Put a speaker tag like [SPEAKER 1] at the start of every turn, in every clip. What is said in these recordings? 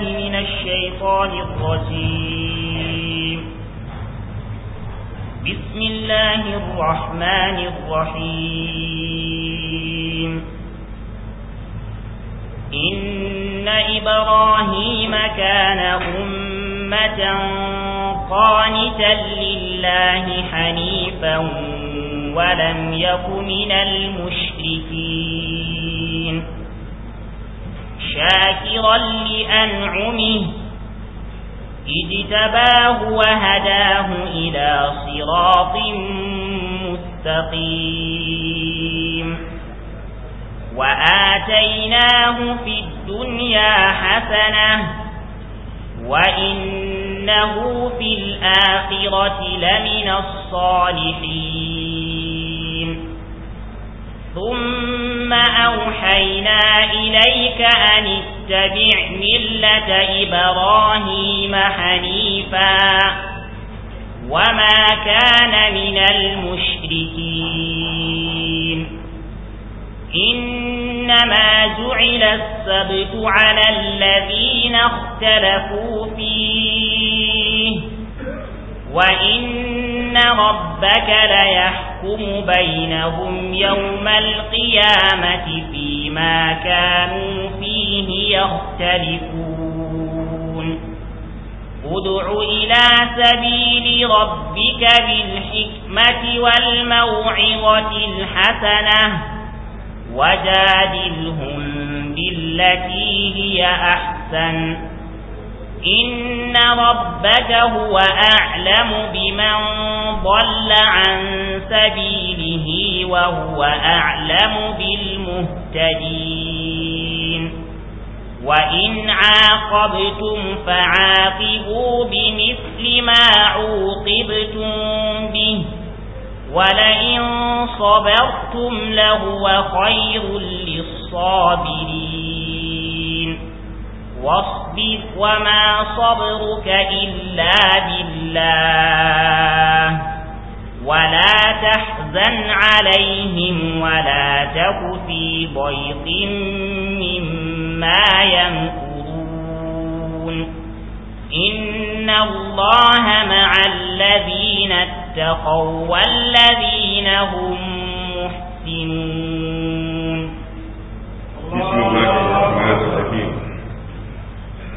[SPEAKER 1] بالله من الشيطان الرجيم بسم الله الرحمن الرحيم إن إبراهيم كان أمة قانتا لله حنيفا ولم يك من المشركين شاكرا لأنعمه اجتباه وهداه إلى صراط مستقيم وآتيناه في الدنيا حسنة وإنه في الآخرة لمن الصالحين ثم أوحينا إليك أن اتبع ملة إبراهيم حنيفا وما كان من المشركين إنما جعل السبت على الذين اختلفوا فيه وإن ربك ليحكم بينهم يوم القيامة فيما كانوا فيه يختلفون ادع إلى سبيل ربك بالحكمة والموعظة الحسنة وجادلهم بالتي هي أحسن إن ربك هو أعلم بمن ضل عن سبيله وهو أعلم بالمهتدين وإن عاقبتم فعاقبوا بمثل ما عوقبتم به ولئن صبرتم لهو خير للصابرين واصبر وما صبرك إلا بالله ولا تحزن عليهم ولا تك في ضيق مما يمكرون إن الله مع الذين اتقوا والذين هم محسنون بسم الله الرحمن الرحيم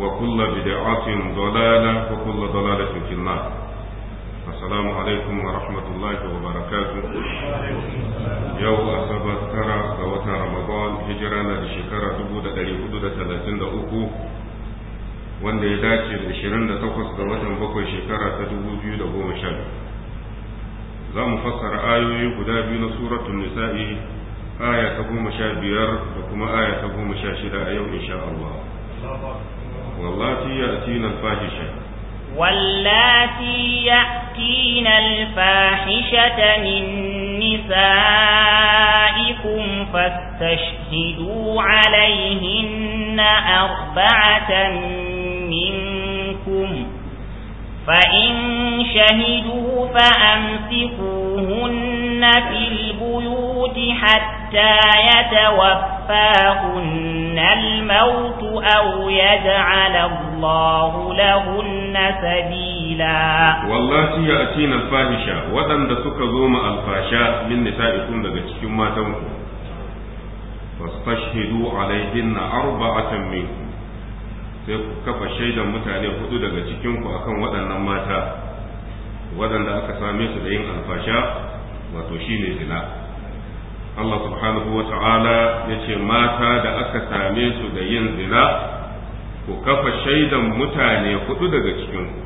[SPEAKER 2] وكل بدعة ضلالة وكل ضلالة في النار السلام عليكم ورحمة الله وبركاته يوم أصبت ترى قوة رمضان هجرانا لشكرة دبودة لهدودة 33 wanda ya dace da 28 ga watan bakwai shekara ta 2012 za mu fassara ayoyi guda biyu na suratun nisa'i aya ta biyar, da kuma aya ta shida a yau insha Allah واللاتي يأتين الفاحشة
[SPEAKER 1] واللاتي يأتين الفاحشة من نسائكم فاستشهدوا عليهن أربعة منكم فإن شهدوا فأمسكوهن في البيوت حتى يتوفاهن الموت أو يجعل الله لهن سبيلا
[SPEAKER 2] والله يأتينا الفاحشة وأن دسك زوم الفاشاء من نسائكم دقشكم ما تنكم فاستشهدوا عليهن أربعة منكم sai ku kafa shaidan mutane hudu daga cikin akan waɗannan mata waɗanda aka same su da yin alfasha wato shine zina Allah subhanahu wa ta'ala ya ce mata da aka same su da yin zina ku kafa shaidan mutane hudu daga cikin ku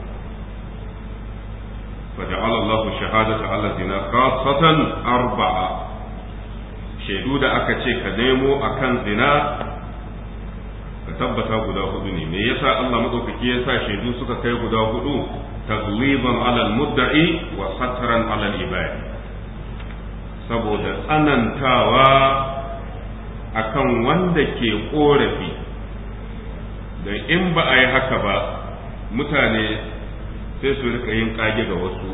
[SPEAKER 2] فجعل الله شهادة على الزنا خاصة أربعة shaidu da aka ce ka nemo akan zina ka tabbata guda hudu ne me yasa Allah madaukaki ya sa shaidu suka kai guda hudu tagliban alal mudda'i wa satran alal ibad saboda tsanantawa akan wanda ke korafi da in ba a yi haka ba mutane sai su rika yin kage ga wasu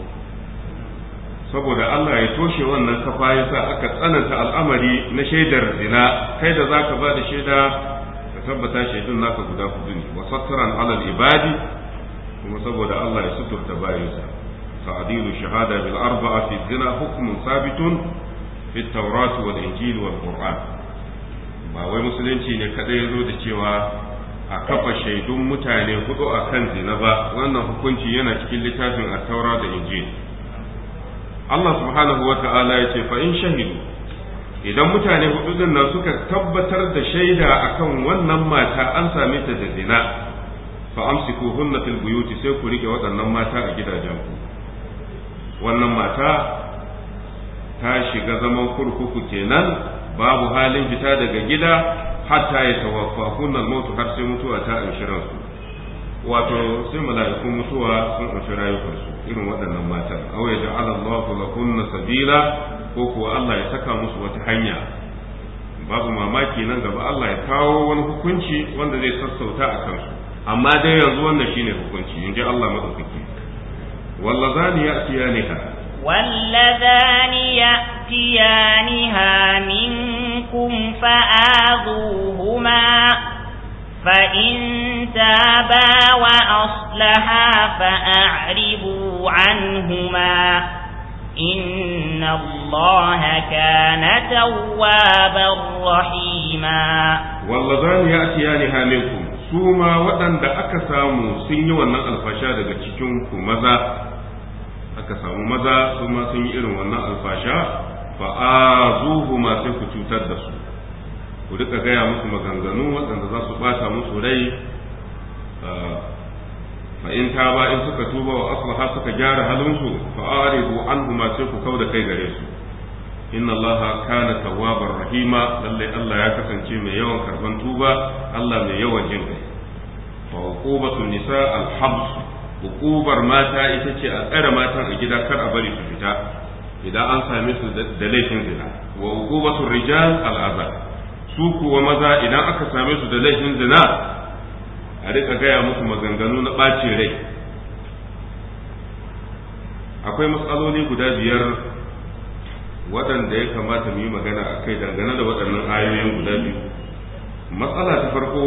[SPEAKER 2] saboda Allah ya toshe wannan kafa yasa sa aka tsananta al'amari na shaidar zina kai da zaka ba da shaida tabbata shaidun naka guda hudu ne wa satran alal ibadi kuma saboda Allah ya suturta bayansa ta'dilu shahada bil arba'a fi zina hukmun sabitun fi tawrat wal injil wal ba wai musulunci ne kada ya zo da cewa a kafa shaidun mutane hudu akan zina ba wannan hukunci yana cikin littafin at-taura da injil Allah subhanahu wa ta'ala ya ce fa in shahidu idan mutane hudu din nan suka tabbatar da shaida akan wannan mata an same ta da zina fa amsiku hunna fil buyuti sai ku rike waɗannan mata a gidajen ku wannan mata ta shiga zaman kurkuku kenan babu halin fita daga gida hatta ya tawaffa kunan mutu har sai mutuwa ta anshiran su wato sai mala'ikun mutuwa sun anshi rayukansu irin waɗannan matan aw ya ja'ala Allahu lakunna sabila ko kuwa Allah ya saka musu wata hanya babu mamaki nan gaba Allah ya kawo wani hukunci wanda zai sassauta a kansu amma dai yanzu wannan shine hukunci in ji Allah madaukaki wallazani ya'tiyaniha
[SPEAKER 1] wallazani ya'tiyaniha minkum fa'adhuhuma فإن تابا وأصلحا فأعرضوا عنهما إن الله كان توابا رحيما
[SPEAKER 2] يأتي آلها منكم سوما ودن دا أكسامو سنيو ونن الفاشا دا تشكنكو مزا أكسامو مزا سوما سنيو ونن الفاشا فآذوهما سيكو تتدسو ku duka gaya musu maganganu waɗanda za su ɓata fa in ba in suka tuba wa aslaha suka gyara halinsu fa aridu anhu ma sai ku kauda kai gare su inna allaha kana tawwabar rahima lalle Allah ya kasance mai yawan karban tuba Allah mai yawan jin kai fa uqubatu nisa al-habs uqubar mata ita ce a tsare matan a gida kar a bari su fita idan an same su da laifin zina wa uqubatu rijal al-azab su kuwa maza idan aka same su da laifin zina a rika gaya musu maganganu na ɓacin rai akwai matsaloli guda biyar waɗanda ya kamata mu yi magana a kai dangane da waɗannan ayoyin guda biyu matsala ta farko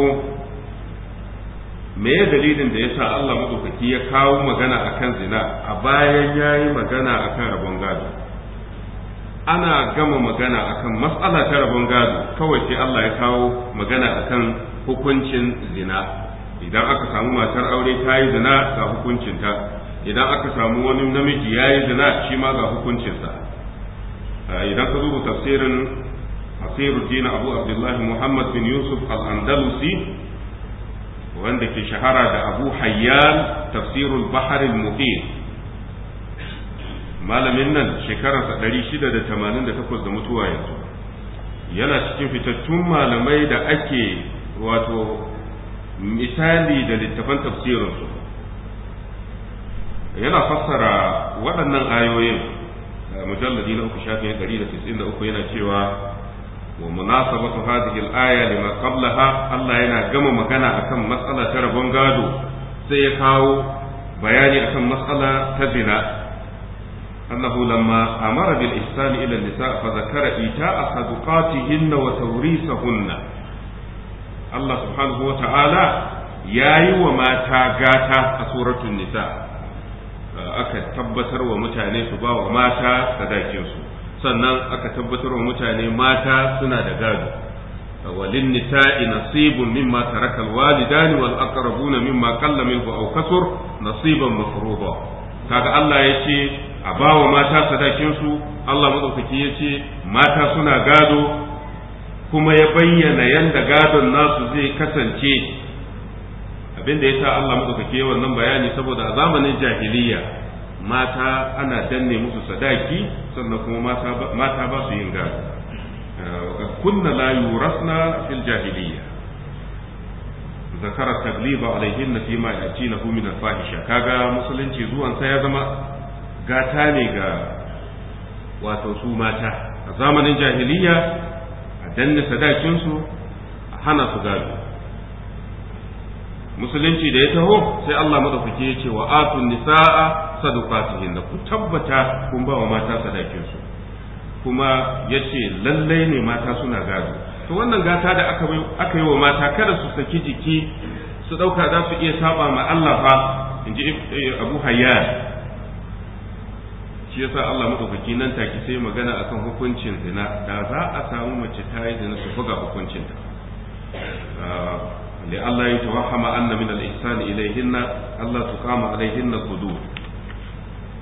[SPEAKER 2] me ya dalilin da ya sa Allah maɗaukaki ya kawo magana a kan zina a bayan ya yi magana a kan rabon gado ana gama magana a kan matsala ta rabon gado kawai sai Allah ya kawo magana a kan hukuncin zina idan aka samu matar aure ta yi zina ga hukuncinta idan aka samu wani namiji ya yi zina shi ma ga hukuncinsa ah, idan ka zuba tafsirin dina abu abdullahi muhammad bin yusuf al-andalusi wanda ke shahara da abu hayyan tafsirul bahar al-muqim malamin nan shekararsa 688 da mutuwa yanzu yana cikin fitattun malamai da ake wato misali da littafan tafsirinsu yana fassara waɗannan ayoyin eh, mujalladi na uku shafin ɗari da tisin da uku yana cewa wa munasabatu hadhihi al-aya lima qablaha Allah yana gama magana akan matsala ta rabon gado sai ya kawo bayani akan matsala ta zina أنه لما أمر بالإحسان إلى النساء فذكر إيتاء صدقاتهن وتوريثهن Allah subhanahu wa ta'ala ya yi wa mata gata a suratun nisa uh, aka tabbatar wa mutane su ba wa mata sadakinsu sannan aka tabbatar wa mutane mata suna da gado uh, walin nisa'i nasibun mimma tarakal alwalidani wal aqrabuna mimma qalla minhu aw kasur nasiban mafruḍa kaga Allah ya ce a ba wa mata sadakinsu Allah madaukaki ya ce mata suna gado kuma ya bayyana yadda gadon nasu zai kasance abinda ya sa Allah muka kake wannan bayani saboda a zamanin jahiliya mata ana danne musu sadaki sannan kuma mata ba su yin gado ah, kunna la yurasna fil jahiliya zakara tagliba alaihin na fi na min fahisha kaga musulunci zuwan sa ya zama gata ne ga wato su mata a zamanin jahiliya danna sadakinsu hana su gado musulunci da ya taho sai Allah madaukake ya ce wa atun nisa'a sadaqatihin ku tabbata kun ba wa mata sadakinsu kuma yace lallai ne mata suna gado to wannan gata da aka yi wa mata kada su saki jiki su dauka za su iya saba ma Allah fa inji Abu Hayyan shi yasa Allah madaukaki nan take sai magana akan hukuncin zina da za a samu mace ta yi zina su buga hukuncin ta ah, li Allah ya tawahama anna min al-ihsan ilayhinna Allah kama alayhinna hudud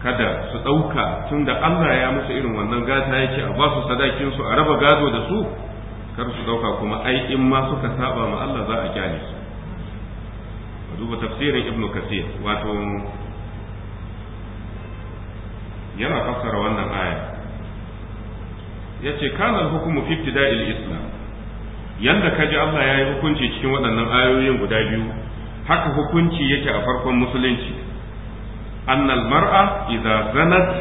[SPEAKER 2] kada su dauka tunda Allah ya musu irin wannan gata yake a basu su sadakin su a raba gado da su kar su dauka kuma ai in ma suka saba ma Allah za a kyale su duba tafsirin ibnu kasir wato yana fassara wannan aya yace kana hukumu fi ibtida'il islam yanda ji Allah ya yi hukunci cikin waɗannan ayoyin guda biyu haka hukunci yake a farkon musulunci annal mar'a idza zanat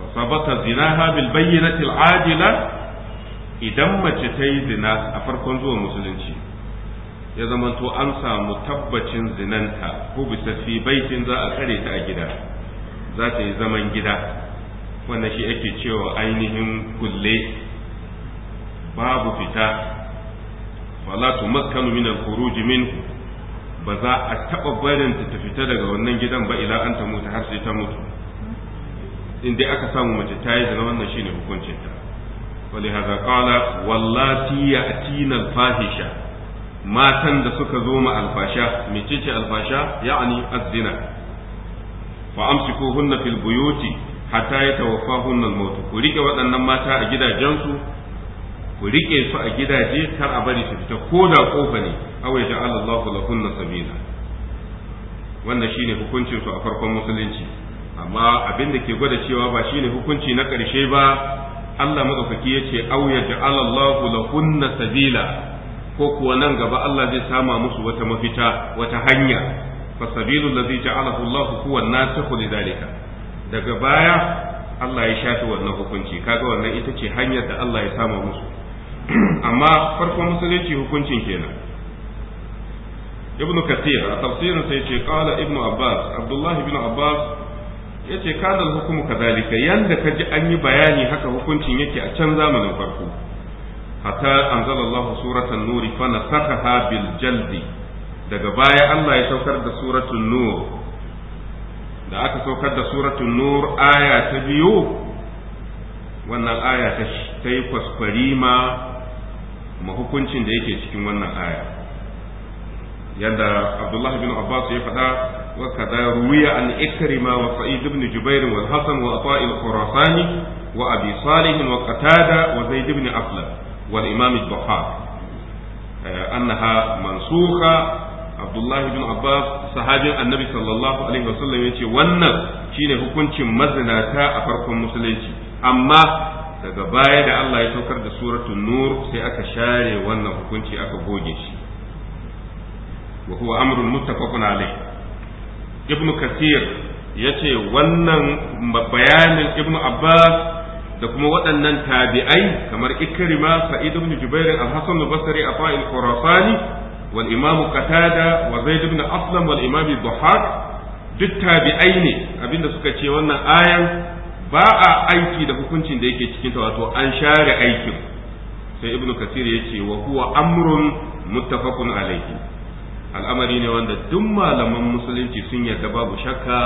[SPEAKER 2] fa sabata zinaha bil bayyinati al ajila idan mace ta yi zina a farkon zuwa musulunci ya zama to an samu tabbacin zinanta ko bisa fi baitin za a kare ta a gida za ta yi zaman gida wannan shi ake cewa ainihin kulle babu fita falatu tumakkanu min al-khuruj min ba za a taɓa barin ta fita daga wannan gidan ba ila an ta mutu har sai ta mutu in dai aka samu mace ta yi zina wannan shine hukuncin ta ولهذا قال واللاتي يأتين fahisha. matan da suka zo ma alfasha mecece alfasha ya'ani azzina wa amsikuhunna fil buyuti hatta yatawaffahunna al-maut ku rike waɗannan mata a gidajensu ku riƙe su a gidaje kar a bari su fita ko da kofa ne sabila wannan shine hukuncin su a farkon musulunci amma abin da ke gwada cewa ba shine hukunci na ƙarshe ba Allah madaukaki yace aw yaj'al Allahu lahunna sabila ko kuwa nan gaba Allah zai sama musu wata mafita wata hanya fasabilu ladhi ja'alahu Allah huwa nasikhu lidhalika daga baya Allah ya shafi wannan hukunci kaga wannan ita ce hanyar da Allah ya sama musu amma farkon musulunci hukuncin kenan ibnu kathir a tafsirin sai ce qala ibnu abbas abdullah ibnu abbas yace kana hukumu kadhalika yanda kaji an yi bayani haka hukuncin yake a can zamanin farko hatta anzala Allah suratan nuri fa nasakha bil jaldi daga baya Allah ya saukar da suratul nur da aka saukar da suratun nur aya ta biyu wannan aya ta yi kwaskwarima mahukuncin da yake cikin wannan aya yadda abdullahi bin abbas ya faɗa wa kada ruwiya an ikrima wa sa'id ibn jubair wal hasan wa ata'i al khurasani wa abi salih wa qatada wa zaid ibn afla wal imam al-bukhari eh, annaha abdullahi bin abbas sahabin annabi sallallahu alaihi wasallam yace wannan shine hukuncin mazinata a farkon musulunci amma daga baya da Allah ya saukar da suratul nur sai aka share wannan hukunci aka goge shi wa huwa amrun muttafaqun alayh ibnu kathir yace wannan bayanin ibn abbas da kuma waɗannan tabi'ai kamar ikrima sa'id ibn jubair al-hasan al-basri a fa'il khurasani wal imamu qatada wa zaid ibn aslam wal imam dhahak duk tabi'ai ne abinda suka ce wannan ayan ba a aiki da hukuncin da yake cikin ta wato an share aikin sai ibnu kasir ce wa huwa amrun muttafaqun alayhi al'amari ne wanda duk malaman musulunci sun yarda babu shakka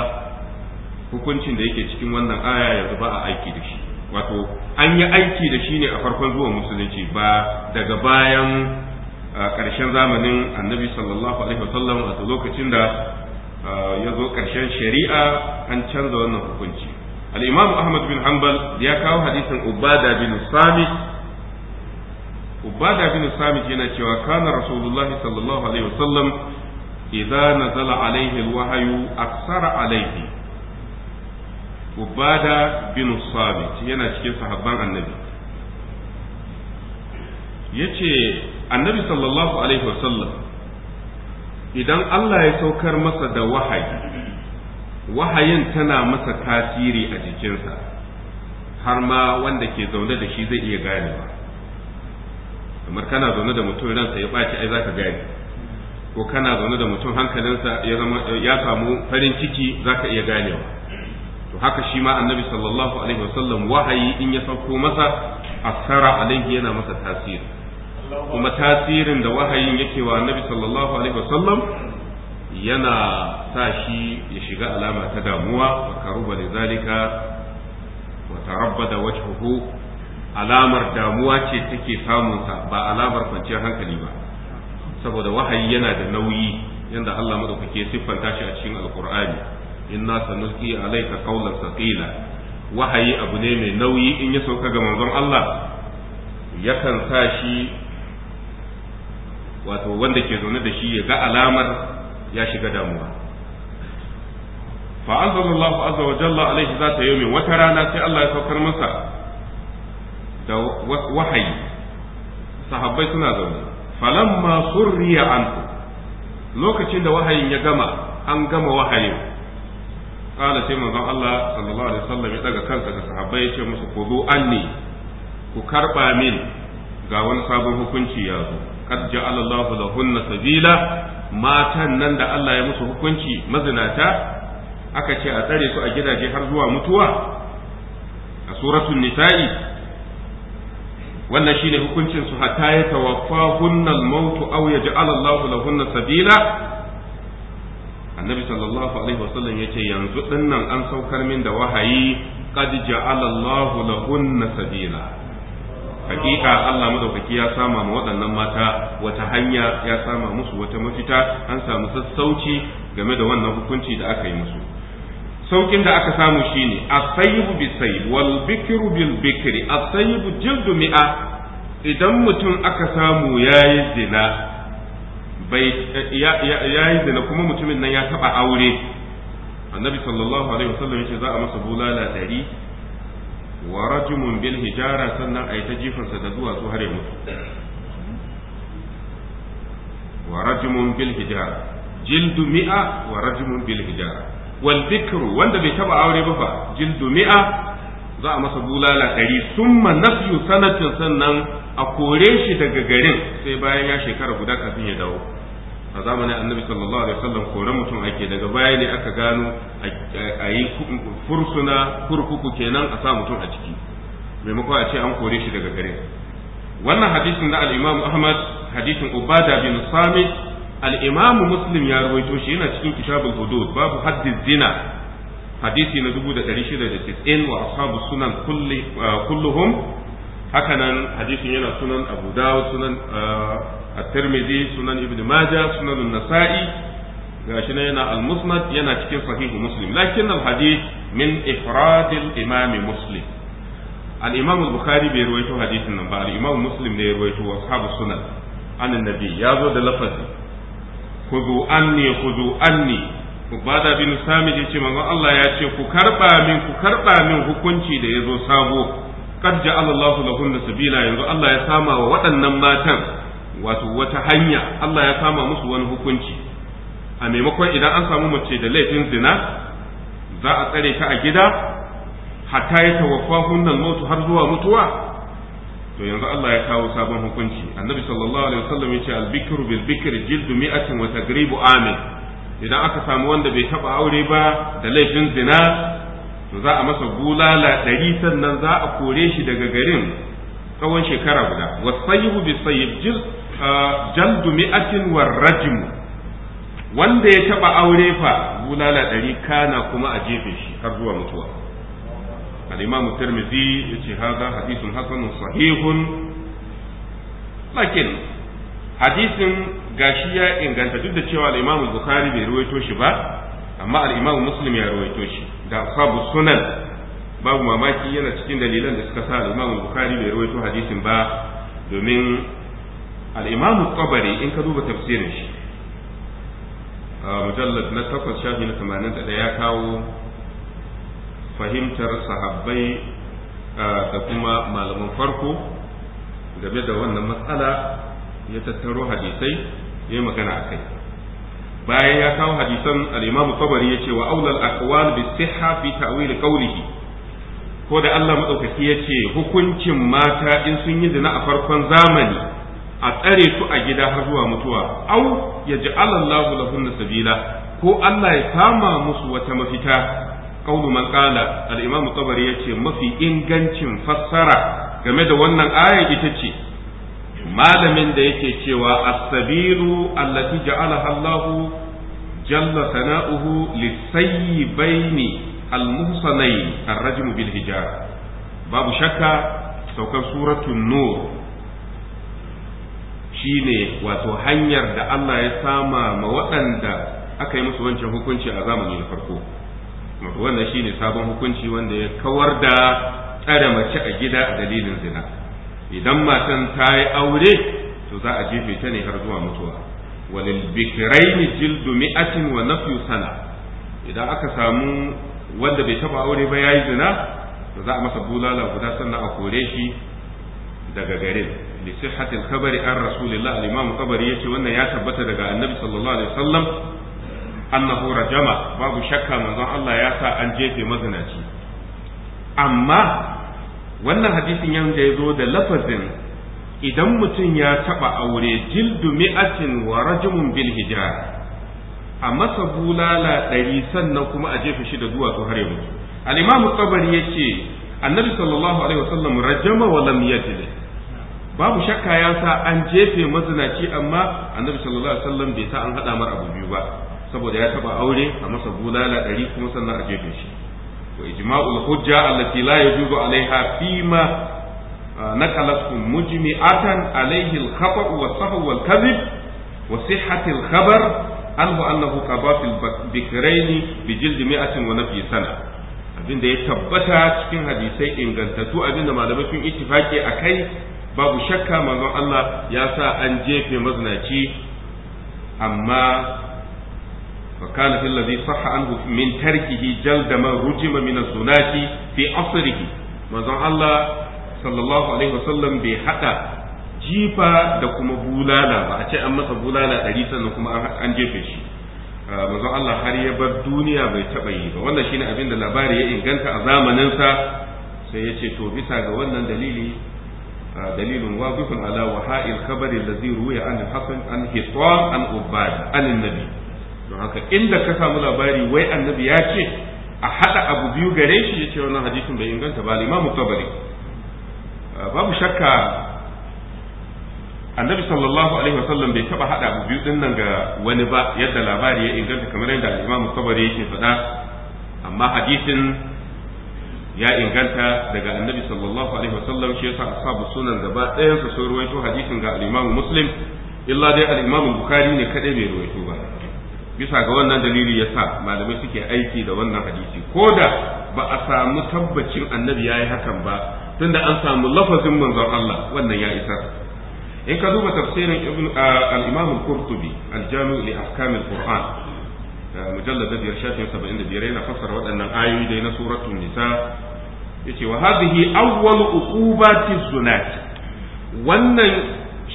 [SPEAKER 2] hukuncin da yake cikin wannan aya ba a aiki da shi wato an yi aiki da shi ne a farkon zuwan musulunci ba daga bayan a ƙarshen zamanin annabi sallallahu alaihi sallam wato lokacin da ya zo ƙarshen shari'a an canza wannan hukunci al-imam ahmad bin hanbal ya kawo hadisin ubada bin samit ubada bin samit yana cewa kana rasulullahi sallallahu alaihi wasallam idza nazala alaihi alwahyu aksara alaihi ubada bin samit yana cikin sahabban annabi yace annabi sallallahu alaihi wasallam idan Allah ya saukar masa da wahayi wahayin tana masa tasiri a jikinsa har ma wanda ke zaune da shi zai iya ganewa kamar kana zaune da mutum ransa ya ɓaci ai zaka gane ko kana zaune da mutum hankalinsa ya samu farin ciki zaka iya ganewa to haka shi ma annabi sallallahu alaihi wasallam wahayi in ya sauko masa asara alaihi yana masa tasiri kuma tasirin da wahayin yake wa annabi sallallahu alaihi wasallam yana sa shi ya shiga alama ta damuwa wa karuba da zalika wa tarabba da wajhuhu alamar damuwa ce take samunsa ba alamar kwanciyar hankali ba saboda wahayi yana da nauyi yanda Allah madaukake siffanta shi a cikin alqur'ani inna sanulqi alayka qawlan thaqila wahayi abu ne mai nauyi in ya sauka ga manzon Allah yakan sa shi wato wanda ke zaune da shi ya ga alamar ya shiga damuwa fa anzalallahu azza wa jalla alaihi zata yawmin wata rana sai Allah ya saukar masa da wahayi sahabbai suna zaune falamma surriya an lokacin da wahayin ya gama an gama wahayin kala sai manzon Allah sallallahu alaihi wasallam ya daga kansa da sahabbai ya ce musu ku zo anni ku karba min ga wani sabon hukunci ya zo qad ja'ala Allahu sabila matan nan da Allah ya musu hukunci mazinata aka ce a tsare su a gidaje har zuwa mutuwa a suratun nisa'i wannan shine hukuncin su hatta ya tawaffahunna al-maut aw yaj'ala Allahu lahunna sabila annabi sallallahu alaihi wasallam yace yanzu dinnan an saukar min da wahayi qad ja'ala Allahu lahunna sabila hakika Allah madaukaki ya sama ma waɗannan mata wata hanya ya sama musu wata mafita an samu sassauci game da wannan hukunci da aka yi musu saukin da aka samu shine asayibu bi sayib wal bikru bil bikri asayibu jildu mi'a idan mutum aka samu yayi zina bai yayi zina kuma mutumin nan ya taba aure annabi sallallahu alaihi wasallam yace za a masa bulala dari wa rajumun bil hijara sannan a ta jifansa da zuwa su har ya mutu wa rajumun bil hijara jildu mi'a wa rajumun bil hijara wal dhikru wanda bai taba aure ba fa jildu mi'a za a masa bulala ɗari summa nafyu sanatin sannan a kore shi daga garin sai bayan ya shekara guda kafin ya dawo a zamanin annabi sallallahu alaihi wasallam koren mutum ake daga baya ne aka gano a yi fursuna kurkuku kenan a sa mutum a ciki maimakon a ce an kore shi daga gare wannan hadisin na al-Imam Ahmad hadisin Ubada bin Samit al-Imam Muslim ya rawaito shi yana cikin kitabul hudud babu haddiz zina hadisi na 1690 wa ashabu sunan kulli uh, kulluhum hakanan hadisin yana sunan Abu Dawud sunan uh, at-tirmidhi sunan ibn majah sunan an-nasa'i gashi ne yana al-musnad yana cikin sahihu muslim lakin al-hadith min ifrad al-imam muslim al-imam al-bukhari bai ruwaito hadisin nan ba al-imam muslim ne ya ruwaito wa ashabu sunan an Ya zo da lafazi khudhu anni khudhu anni ubada bin samid yace manzo Allah ya ce ku karba min ku karba min hukunci da yazo sabo kad ja'ala Allahu lahunna sabila yanzu Allah ya sama wa waɗannan matan wato wata hanya Allah ya kama musu wani hukunci a maimakon idan an samu mace da laifin zina za a tsare ta a gida hatta ya tawaffa hunnan mutu har zuwa mutuwa to yanzu Allah ya kawo sabon hukunci annabi sallallahu alaihi wasallam ya ce albikru bil bikri jildu mi'atin wa tagribu amin idan aka samu wanda bai taba aure ba da laifin zina to za a masa bulala ɗari sannan za a kore shi daga garin tsawon shekara guda wasayihu bi sayyib jil Jaldumi mi'atin warrajmu wanda ya taba aure fa bulala ɗari kana kuma a jefe shi har zuwa mutuwa al-imam tirmidhi yace hadha hadithun hasanun sahihun lakin hadisin gashi ya inganta duk da cewa al-imam bukhari bai ruwaito shi ba amma al-imam muslim ya ruwaito shi da sabu sunan babu mamaki yana cikin dalilan da suka sa al-imam bukhari bai ruwaito hadisin ba domin al-imam al in ka duba tafsirin shi mujallad na takwas shafi na 81 ya kawo fahimtar sahabbai da kuma malaman farko game da wannan matsala ya tattaro hadisai ya yi magana a kai bayan ya kawo hadisan al-imamu tabari ya ce wa aulal akwal bi sihha fi ta'wil qawlihi ko da Allah madaukaki ya ce hukuncin mata in sun yi zina a farkon zamani a tsare su a gida har zuwa mutuwa au ya ji Allahu lahunna sabila ko Allah ya kama musu wata mafita qaulu man qala al-imam qabari yace mafi ingancin fassara game da wannan aya ita ce malamin da yake cewa as-sabilu allati ja'alaha Allahu jalla sana'uhu lisayyibaini al-muhsanayn ar-rajmu bil hijab babu shakka saukar suratul nur shine wato hanyar da Allah ya sama ma waɗanda aka yi musu wancan hukunci a zamani na farko wannan shine sabon hukunci wanda ya kawar da tsare mace a gida a dalilin zina idan matan ta yi aure to za a jefe ta ne har zuwa mutuwa walil bikraini jildu mi'atin wa nafyu sana idan aka samu wanda bai taba aure ba yayi zina to za a masa bulala guda sannan a kore shi daga garin li sihhatil khabari an rasulillah al-imam qabari yace wannan ya tabbata daga annabi sallallahu alaihi wasallam annahu rajama babu shakka manzon Allah ya sa an jefe mazinaci amma wannan hadisin yanda ya zo da lafazin idan mutum ya taba aure jildu mi'atin wa rajmun bil hijar a masa bulala ɗari sannan kuma a jefe shi da duwatsu har ya mutu al-imam qabari yace annabi sallallahu alaihi wasallam rajama wa lam yajlid babu shakka ya sa an jefe mazinaci amma annabi sallallahu alaihi wasallam bai sa an hada mar abu biyu ba saboda ya taba aure a masa bulala ɗari kuma sannan a jefe shi wa ijma'ul hujja allati la yajuzu alaiha fima naqalatkum mujmi'atan alaihi al-khata' wa sahw wal kadhib wa sihhati al-khabar annahu qaba fil bi jild mi'atin wa nafi sana abinda ya tabbata cikin hadisai ingantattu abinda malamai sun a akai babu shakka manzon Allah ya sa an jefe mazinaci amma fa kana fil ladhi min tarkihi jalda man rujima min az-zunati fi asrihi manzon Allah sallallahu alaihi wasallam bai hada jifa da kuma bulala ba a ce an masa bulala ɗari sannan kuma an jefe shi ah, manzon Allah har ya bar duniya bai taɓa yi ba wannan shine abin da labari ya inganta a zamaninsa sai ya ce to bisa ga wannan dalili دليل واضح على وحاء الخبر الذي روي عن الحسن عن حصان عن عباد عن النبي don haka inda ka samu labari wai annabi ya ce a hada abu biyu gare shi ya ce wannan hadisin bai inganta ba limamu tabari babu shakka annabi sallallahu alaihi wasallam bai taba hada abu biyu din nan ga wani ba yadda labari ya inganta kamar yadda al-imamu tabari yake faɗa amma hadisin ya inganta daga annabi sallallahu alaihi wasallam shi yasa ashabu sunan gaba ɗayan su sun ruwaito hadisin ga al-Imam Muslim illa dai al-Imam Bukhari ne kadai bai ruwaito ba bisa ga wannan dalili yasa malamai suke aiki da wannan hadisi koda ba a samu tabbacin annabi ya yi hakan ba tunda an samu lafazin manzon Allah wannan ya isa in ka duba tafsirin ibn ah, al-Imam al-Qurtubi al-Jami' li ahkam al-Qur'an Eh, mujallad da biyar shafin saba'in da biyar yana fassara waɗannan ayoyi dai na suratun nisa yace wa hadhihi awwal uqubati zunat wannan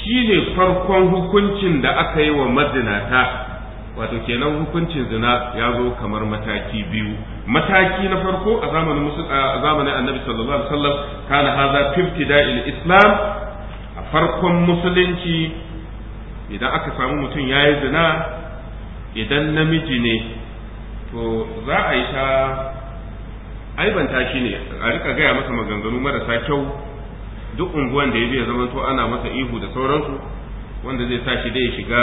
[SPEAKER 2] shine farkon hukuncin da aka yi wa mazinata wato kenan hukuncin zina ya zo kamar mataki biyu mataki na farko a zamanin musu a zamanin annabi sallallahu alaihi wasallam kana fibtida'il islam a farkon musulunci idan aka samu mutum yayi zina idan namiji ne to za a yi ta aibanta shi ne a rika gaya masa maganganu marasa kyau duk unguwan da ya biya zama to ana masa ihu da sauransu wanda zai sa shi dai shiga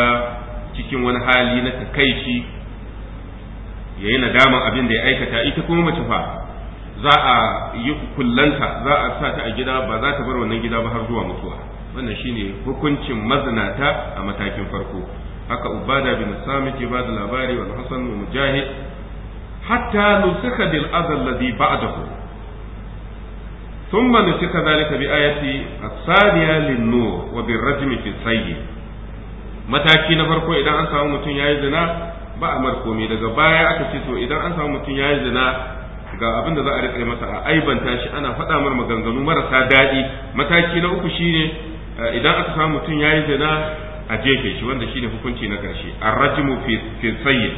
[SPEAKER 2] cikin wani hali na takaici ya yi nadaman abin da ya aikata ita kuma mace fa za a yi kullanta za a sa ta a gida ba za ta bar wannan gida ba har zuwa mutuwa wannan shine hukuncin mazinata a matakin farko haka ubada bin sami ke ba da labari wal hasan wa mujahid hatta nusika bil azal ladhi ba'dahu thumma nusika dhalika bi ayati as-saniya lin-nur wa bil rajmi fi sayyi mataki na farko idan an samu mutum yayi zina ba a markomi daga baya aka ce to idan an samu mutum yayi zina ga abin da za a rike masa a aibanta shi ana faɗa mar maganganu marasa daɗi mataki na uku shine eh, idan aka samu mutum yayi zina a jefe shi wanda shine hukunci na ƙarshe rajimu fi sayyid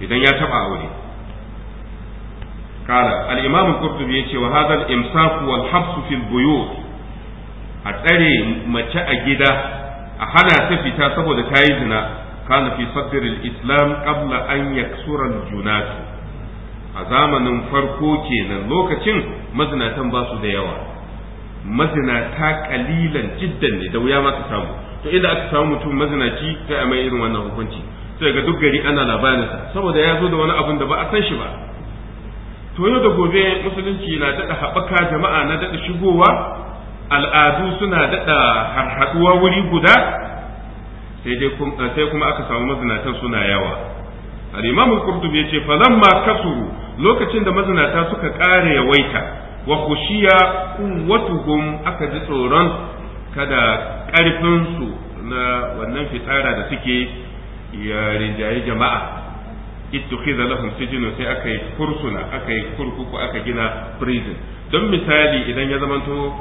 [SPEAKER 2] idan ya taba aure kala al-imam qurtubi yace wa hadha al-imsak wal habs fi al-buyut a tsare mace a gida a hana ta fita saboda ta yi zina kana fi sadr al-islam qabla an yaksura al-junat a zamanin farko kenan lokacin mazinatan ba su da yawa mazinata kalilan jiddan ne da wuya ma ta samu to inda aka samu mutum mazinaci sai a mai irin wannan hukunci sai ga duk gari ana labarin sa saboda ya zo da wani abin da ba a san shi ba to yau da gobe musulunci na daɗa haɓaka jama'a na daɗa shigowa al'adu suna daɗa harhaɗuwa wuri guda sai kuma aka samu mazinatan suna yawa al-imamu qurtubi yace lamma kasuru lokacin da mazinata suka ƙare yawaita wa khushiya quwwatuhum aka ji tsoron kada ƙarfinsu na wannan fitsara da suke ya rinjaye jama'a ittukhiza lahum sijinu sai aka yi fursuna aka yi kurkuku aka gina prison don misali idan ya zamanto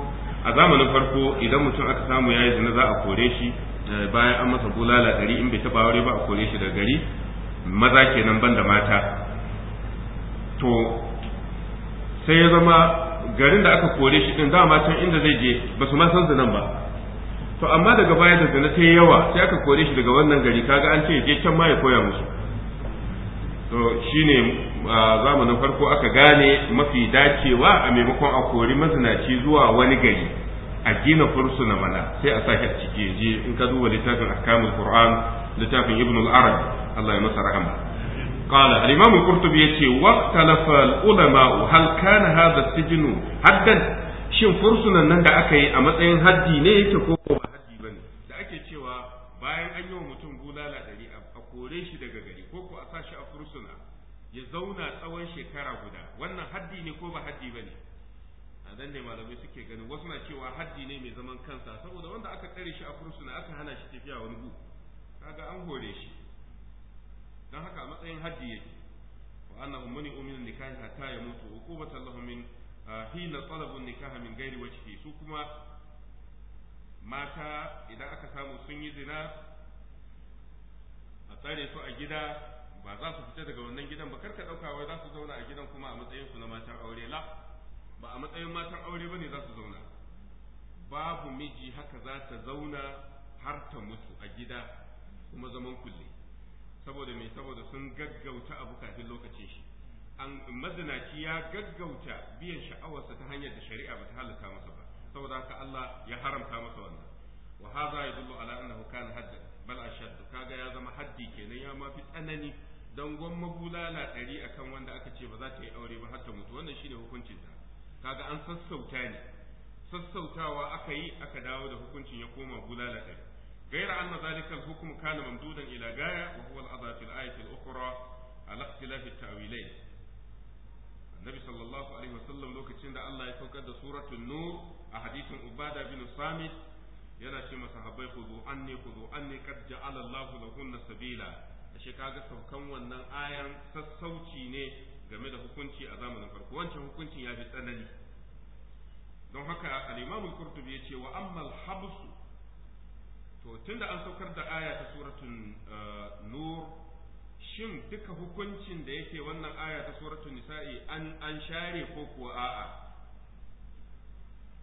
[SPEAKER 2] a zamanin farko idan mutum aka samu yayi zina za a kore shi eh, bayan an masa bulala gari in bai taba aure ba a kore shi da gari maza kenan banda mata to sai ya zama garin da aka kore shi din dama can inda zai je ba su ma san zinan ba to amma daga baya da zina ta yawa sai aka kore shi daga wannan gari kaga an ce je can ma ya koya musu to shine zamanin farko aka gane mafi dacewa a maimakon a kori mazinaci zuwa wani gari a gina fursuna mana sai a sake a ciki je in ka duba littafin ahkamul qur'an littafin ibn al-arab Allah ya masa rahama قال الإمام القرطبي يتي واختلف العلماء هل كان هذا السجن حدا shin fursunan nan da aka yi a matsayin haddi ne yake ko ba haddi ba ne da ake cewa bayan an yi wa mutum bulala dari a kore shi daga gari ko ko a sa shi a fursuna ya zauna tsawon shekara guda wannan haddi ne ko ba haddi ba ne a nan ne malamai suke ganin wasu na cewa haddi ne mai zaman kansa saboda wanda aka tsare shi a fursuna aka hana shi tafiya wani gu kaga an hore shi dan haka a matsayin haddi yake wa anna ummani umin nikahi hatta ya mutu uqubatan lahum min ah, hina talabu nikaha min ghairi wajhi su kuma mata idan aka samu sun yi zina a tsare su a gida ba za su fita daga wannan gidan ba karka dauka wai za su zauna a gidan kuma a matsayin su na matar aure la ba a matsayin matan aure bane za su zauna babu miji haka za ta zauna har ta mutu a gida kuma zaman kulle saboda mai saboda sun gaggauta abu kafin lokacin shi an mazinaci ya gaggauta biyan sha'awarsa ta hanyar da shari'a ba ta masa ba saboda haka Allah ya haramta masa wannan wa hadha yadullu ala annahu kana hadda bal ashadd kaga ya zama haddi kenan ya ma fi tsanani dan gwamma bulala ɗari akan wanda aka ce ba za ta yi aure ba har ta mutu wannan shine hukuncin ta kaga an sassauta ne sassautawa aka yi aka dawo da hukuncin ya koma bulala ɗari غير أن ذلك الحكم كان ممدودا إلى غاية وهو الأذى في الآية الأخرى على اختلاف التأويلين النبي صلى الله عليه وسلم لو كتشند الله يفوكد سورة النور أحاديث عبادة بن صامت yana ce masahabbai khudu anni an ne kad ja'ala Allahu lahunna sabila ashe kaga saukan wannan ayan sassauci ne game da hukunci a zamanin farko wancan hukuncin ya fi tsanani don haka al-Imam al-Qurtubi yace wa amma al-habsu to tunda an saukar da aya ta suratul uh, nur shin duka hukuncin da yake wannan aya ta suratul nisa'i an an share ko kuwa a'a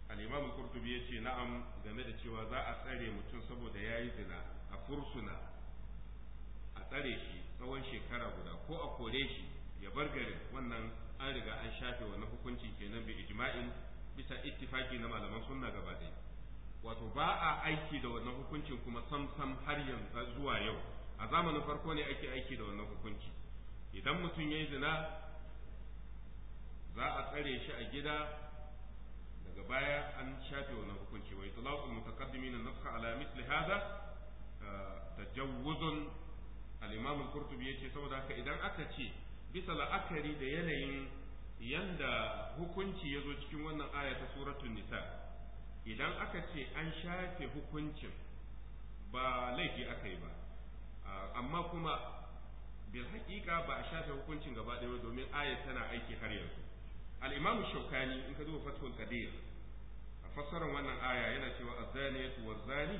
[SPEAKER 2] al-imam al-qurtubi yace na'am game da cewa za a tsare mutum saboda yayi zina a fursuna a tsare shi tsawon shekara guda ko a kore shi ya bar gari. wannan an riga an shafe wannan hukuncin kenan bi ijma'in bisa ittifaki na malaman sunna gaba daya wato ba a aiki da wannan hukuncin kuma sam sam har yanzu zuwa yau a zamanin farko ne ake aiki da wannan hukunci idan mutum ya yi zina za a tsare shi a gida daga baya an shafe wannan hukunci Wai itlaqul mutaqaddimin an-nafsa ala misli hada eh, tajawuzun al-imam al-qurtubi yace saboda haka idan aka ce bisa la'akari da yanayin yanda hukunci ya zo cikin wannan aya ta suratul nisa idan aka ce an shafe hukuncin ba laifi aka yi ba amma kuma bil haƙiƙa ba a shafe hukuncin gaba ɗaya domin aya tana aiki har yanzu al-imamu shaukani in ka duba fatul kadir a fassarar wannan aya yana cewa az ya waz-zani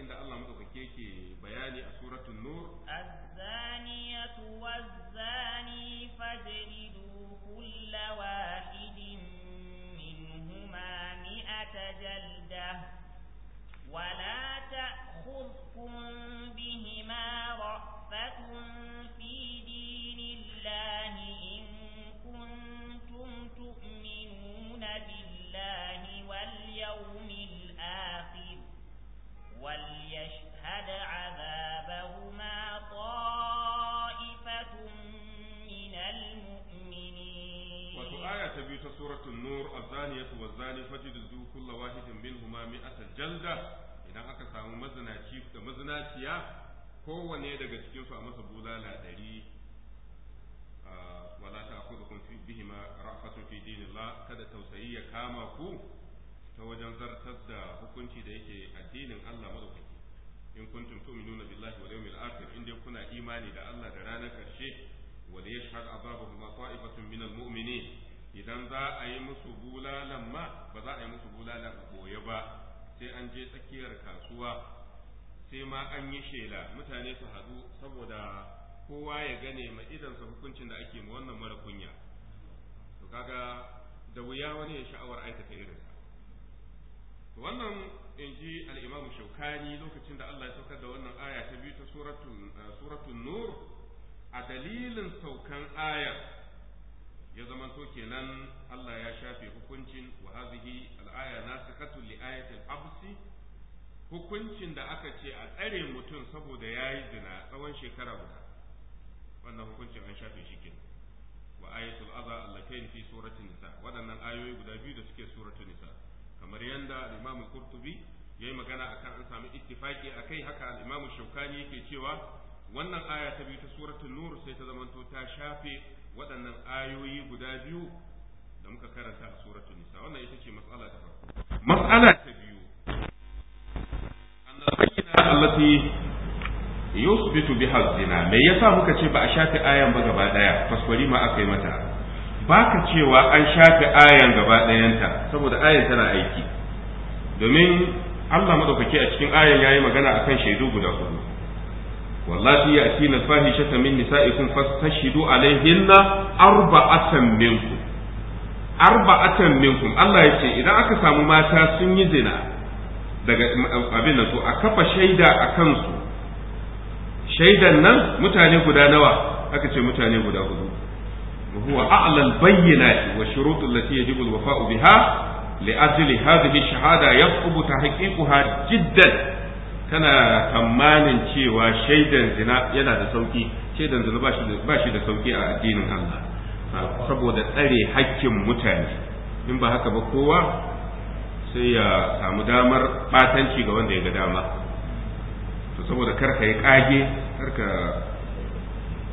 [SPEAKER 2] inda Allah madaukake yake bayani a suratul nur
[SPEAKER 1] az-zaniyatu waz-zani fajlidu kulla wahidin جلدة ولا تأخذكم بهما رأفة في دين الله إن كنتم تؤمنون بالله واليوم الآخر وليشهد عذاب
[SPEAKER 2] suratul nur az-zaniyatu waz-zani fajlidu kullu wahidin minhuma mi'ata jalda idan aka samu mazinaci da mazinaciya kowane daga cikin su a masa bulala ɗari wala ta'khudhukum fi bihima ra'fatun fi dinillah kada tausayi ya kama ku ta wajen zartar da hukunci da yake addinin Allah madaukaki in kuntum tu'minuna billahi wal yawmil akhir in dai kuna imani da Allah da ranar karshe wa yashhad azabahum ta'ifatun minal mu'minin idan za a yi musu bulalan ma ba za a yi musu bulalan a boye ba sai an je tsakiyar kasuwa sai ma an yi shela mutane su haɗu saboda kowa ya gane ma idansa hukuncin da ake ma wannan mara kunya to kaga da wuya wani ya sha'awar aikata irinsa wannan in ji al'imamu shaukani lokacin da Allah ya saukar da wannan aya ta biyu ta suratun eh, nur a dalilin saukan ayar ya zama to kenan Allah ya shafe hukuncin wa hazihi al'aya nasikatu li ayatil absi hukuncin da aka ce a tsare mutum saboda yayi zina tsawon shekara guda wannan hukuncin an shafe shi kenan wa ayatul adha allatayn fi surati nisa wadannan ayoyi guda biyu da suke suratu nisa kamar yanda al-imam qurtubi yayi magana akan an samu ittifaki akai haka al-imam shaukani yake cewa wannan aya ta biyu ta suratul nur sai ta zamanto ta shafe waɗannan ayoyi guda biyu da muka karanta a suratu nisa wannan ita ce matsala ta farko matsala ta biyu annabiyina allati yusbitu biha zina me yasa muka ce ba a shafe ayan ba gaba daya fasfari ma aka yi mata baka cewa an shafe ayan gaba dayanta saboda ayan tana aiki domin Allah madaukake a cikin ayan ya yi magana akan shaidu guda hudu na ya'tina shata min nisa'ikum fastashhidu alaihinna arba'atan minkum arba'atan minkum Allah ya ce idan aka samu mata sun yi zina daga abin nan to a kafa shaida a kansu shaidan nan mutane guda nawa aka ce mutane guda hudu huwa a'lal bayyinati wa shurutul lati yajibu al-wafa'u biha li ajli hadhihi shahada yaqubu tahqiquha jiddan kana tsammanin cewa shaidan zina yana da sauki shaidan zina ba shi da sauki a addinin Allah ah, saboda tsare hakkin mutane in ba haka ba kowa sai ya samu damar batanci ga wanda ya ga dama to saboda karka yi kage karka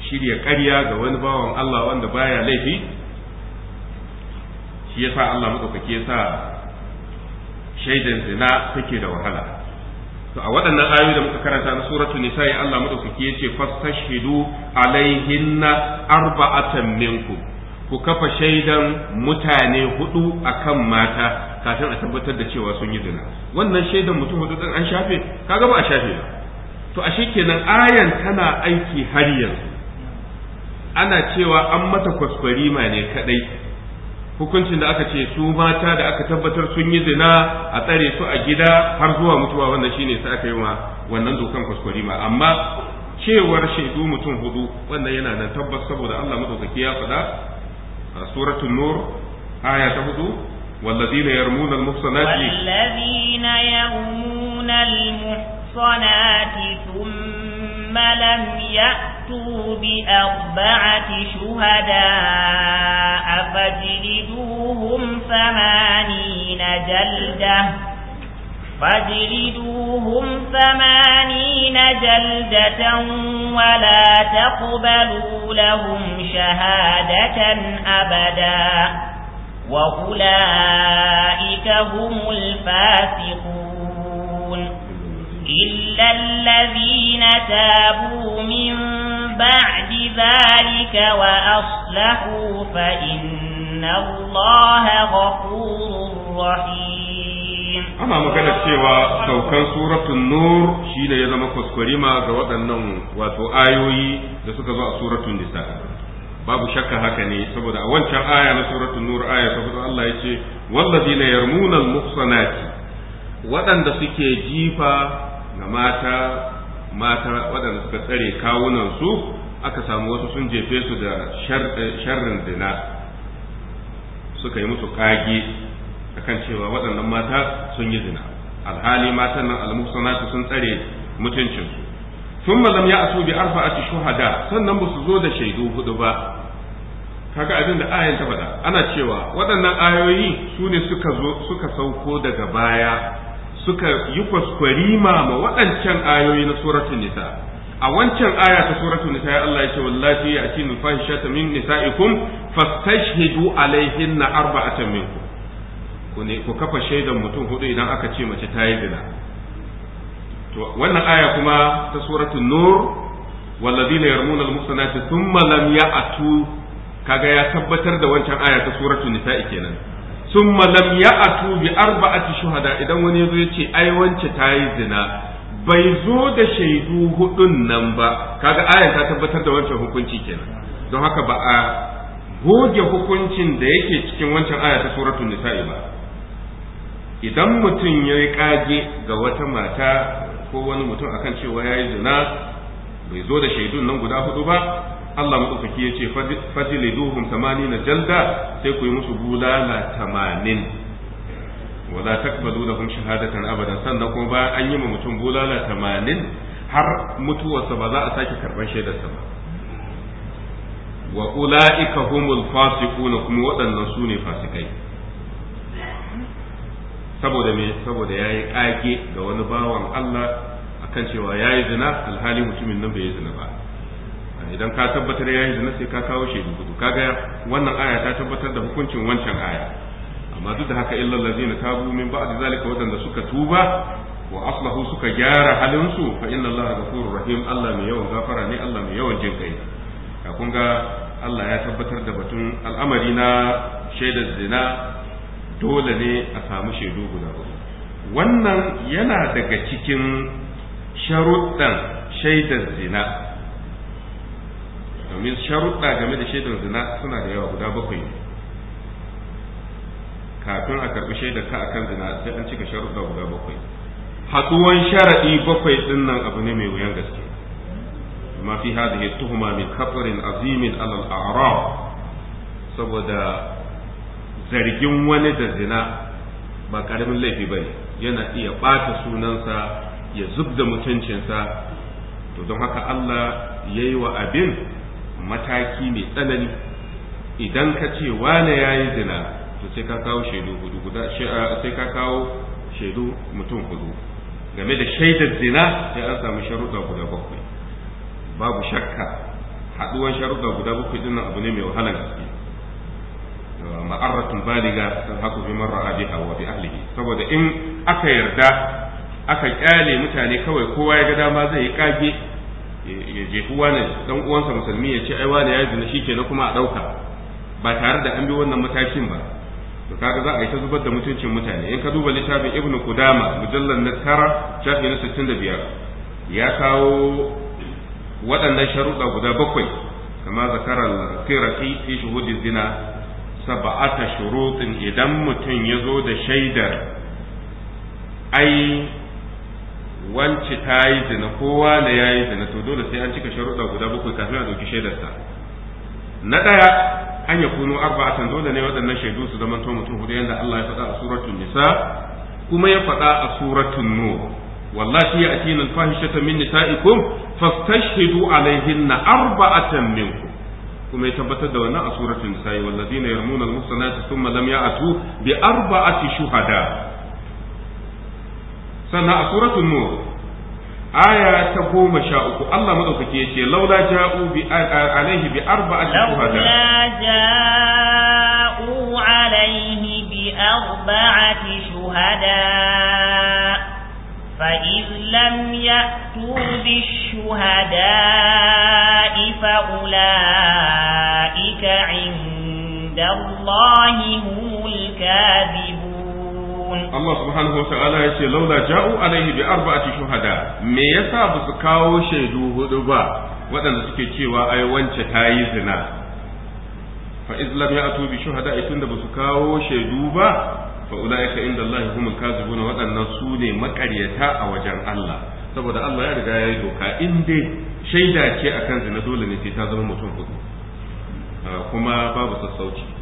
[SPEAKER 2] shirya ƙarya ga wani bawan Allah wanda baya laifi shi yasa Allah ya sa shaidan zina take da wahala to a waɗannan ayoyi da muka karanta na suratu nisa ya Allah madaukaki yace fastashhidu alaihinna arba'atan minkum ku kafa shaidan mutane hudu akan mata kafin a tabbatar da cewa sun yi zina wannan shaidan mutum hudu din an shafe kaga ba a shafe ba to ashe kenan ayan tana aiki har yanzu ana cewa an mata kwaskwarima ne kaɗai. hukuncin da aka ce su mata da aka tabbatar sun yi zina a tsare su a gida har zuwa mutuwa wannan shine sai aka yi wa wannan dokan kwaskwari ma amma cewar shaidu mutum hudu wannan yana nan tabbas saboda Allah madaukaki ya faɗa a suratul nur aya ta hudu والذين يرمون المحصنات والذين
[SPEAKER 1] يرمون المحصنات الصلاة ثم لم يأتوا بأربعة شهداء فاجلدوهم ثمانين جلدة فاجلدوهم ثمانين جلدة ولا تقبلوا لهم شهادة أبدا وأولئك هم الفاسقون إلا الذين تابوا من بعد ذلك وأصلحوا فإن الله غفور رحيم أما مكان الشيوى
[SPEAKER 3] سوكان
[SPEAKER 2] سورة النور شين يزم كسكريما زوات النوم واتو آيوي لسوك سورة النساء babu shakka haka ne saboda a wancan aya na suratul nur aya saboda Allah ya ce wallazina yarmuna al-muhsanati waɗanda suke jifa ga mata mata waɗanda suka tsare kawunan su, aka samu wasu sun jefe su da eh, sharrin dina suka yi musu kage akan cewa waɗannan mata sun yi zina alhali matan nan su sun tsare mutuncinsu thumma lam asu bi arfa'ati shuhada sannan ba su zo da shaidu hudu ba kaga abin da ayan ta faɗa ana cewa waɗannan ayoyi su ne suka zo suka sauko daga baya suka yi kwaskwarima ma waɗancan ayoyi na suratun nisa a wancan aya ta suratun nisa ya Allah ya ce wallahi ya ci min fahishata min nisaikum fastashhidu alaihinna arba'atan minkum ku ne ku kafa shaidan mutum hudu idan aka ce mace ta yi zina to wannan aya kuma ta suratun nur walladina yarmuna almuhsanati thumma lam ya'tu kaga ya tabbatar da wancan aya ta suratun nisa kenan summa lam ya'tu bi arba'ati shuhada idan wani yazo yace ai wance tayi zina bai zo da shaidu hudun nan ba kaga ayan ta tabbatar da wancan hukunci kenan don haka ba a goge hukuncin da yake cikin wancan aya ta suratul nisa'i ba idan mutum ya yi kage ga wata mata ko wani mutum akan cewa yayi zina bai zo da shaidun nan guda hudu ba Allah maɗaukaki ya ce fajile duhun tamani na jalda sai ku yi musu bulala tamanin wala takbalu da shahadatan abadan sannan kuma ba an yi ma mutum bulala tamanin har mutuwarsa ba za a sake karɓar shaidarsa ba wa ula'ika humul fasiquna kuma waɗannan su ne fasikai saboda me saboda yayi kage ga wani bawan Allah akan cewa yayi zina alhali mutumin nan bai yi zina ba idan ka tabbatar ya yi zina sai ka kawo shaidu kudu kaga wannan aya ta tabbatar da hukuncin wancan aya amma duk da haka illal ladzina tabu min ba'd zalika wadanda suka tuba wa aslahu suka gyara halin su fa inna allaha ghafurur rahim Allah mai yawan gafara ne Allah mai yawan jin kai kun ga Allah ya tabbatar da batun al'amari na shaidar zina dole ne a samu shaidu guda uku. wannan yana daga cikin sharuɗan shaidar zina domin sharuɗa game da shaidar zina suna da yawa guda bakwai kafin a karɓi shaidar ka akan zina sai an cika sharuɗa guda bakwai haɗuwan sharaɗi bakwai ɗin nan abu ne mai wuyan gaske ma fi ya tuhuma min kafarin azimin alal a'rab saboda zargin wani da zina ba ƙaramin laifi ba ne yana iya ɓata sunansa ya zub da mutuncinsa to don haka Allah ya yi wa abin mataki mai tsanani idan ka ce wane ya yi zina to sai ka kawo shaidu hudu guda ah, sai ka kawo shaidu mutum hudu game da shaidar zina sai an samu sharuɗa guda bakwai babu shakka haɗuwan sharuɗa guda bakwai din abu ne mai wahalar gaske ma'arratun baliga sun haku bi marra biha hawa bi ahlihi saboda in aka yarda aka kyale mutane kawai kowa ya ga dama zai yi kage ya jefi ne dan uwansa musulmi ya ce ai wani ya zina shikenan kuma a dauka ba tare da an bi wannan matakin ba to kaga za a yi ta zubar da mutuncin mutane in ka duba littafin ibnu kudama mujallal na tara shafi na 65 ya kawo waɗannan sharuɗa guda bakwai kama zakarar firaki fi shuhudin zina sab'ata shurutin idan mutum ya zo da shaidar ai wanci ta yi zina kowa ne ya yi zina to dole sai an cika sharuɗa guda bakwai kafin a ɗauki shaidarsa na ɗaya an ya kuno arba'atan dole ne waɗannan shaidu su zama to mutum hudu yadda Allah ya faɗa a suratul nisa kuma ya faɗa a suratul nur wallahi ya atina al-fahishata min nisa'ikum fastashhidu alaihinna arba'atan minkum kuma ya tabbatar da wannan a suratul nisa wallazina yarmuna al-muhsanati thumma lam ya'tu bi arba'ati shuhada sannan a suratul nur aya ta goma sha uku Allah madaukaki ya ce laula ja'u bi alaihi bi arba'ati shuhada
[SPEAKER 1] laula ja'u alaihi bi arba'ati shuhada fa فإذ لم يأتوا بالشهداء فأولئك عند Allah هم الكاذبون Allah subhanahu wa ta'ala ya ce laula ja'u alaihi bi arba'ati
[SPEAKER 2] shuhada me yasa ba su kawo shaidu hudu ba waɗanda suke cewa ai wance ta yi zina fa iz lam ya'tu bi shuhada itun da ba su kawo shaidu ba fa ulaika inda Allah hum kazibun waɗannan su ne makaryata a wajen Allah saboda Allah ya riga ya yi doka in dai shaida ce akan zina dole ne sai ta zama mutum hudu ah, kuma babu sassauci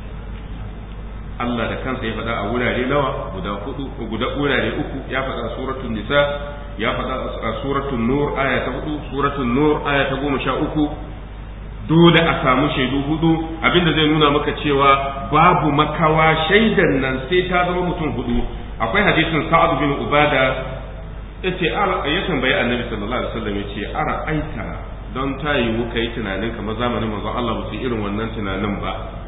[SPEAKER 2] Allah da kansa ya faɗa a wurare nawa guda hudu guda wurare uku ya faɗa a suratul nisa ya faɗa a suratul nur aya ta hudu suratul nur aya ta goma sha uku dole a samu shaidu hudu abinda zai nuna maka cewa babu makawa shaidan nan sai ta zama mutum hudu akwai hadisin sa'ad bin ubada yace ya tambayi annabi sallallahu alaihi wasallam yace ara aita don ta yiwu kai tunanin kamar zamanin manzon Allah ba su irin wannan tunanin ba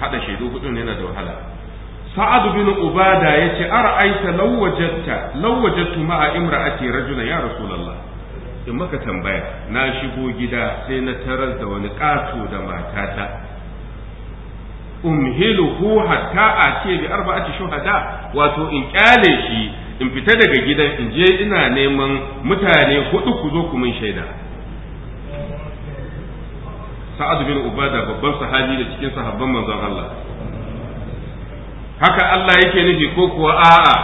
[SPEAKER 2] hada shaidu ne yana da wahala sa'ad bin ubada yace ara'aita law wajadta law wajadtu ma'a imra'ati rajula ya rasulullah in maka tambaya na shigo gida sai na tarar da wani kato da matata umhiluhu hatta a ce bi arba'ati shuhada wato in kyale shi in fita daga gidan in je ina neman mutane hudu ku zo ku min shaida sa'ad bin ubada babban sahabi da cikin sahabban manzon Allah haka Allah yake nufi ko kuwa a'a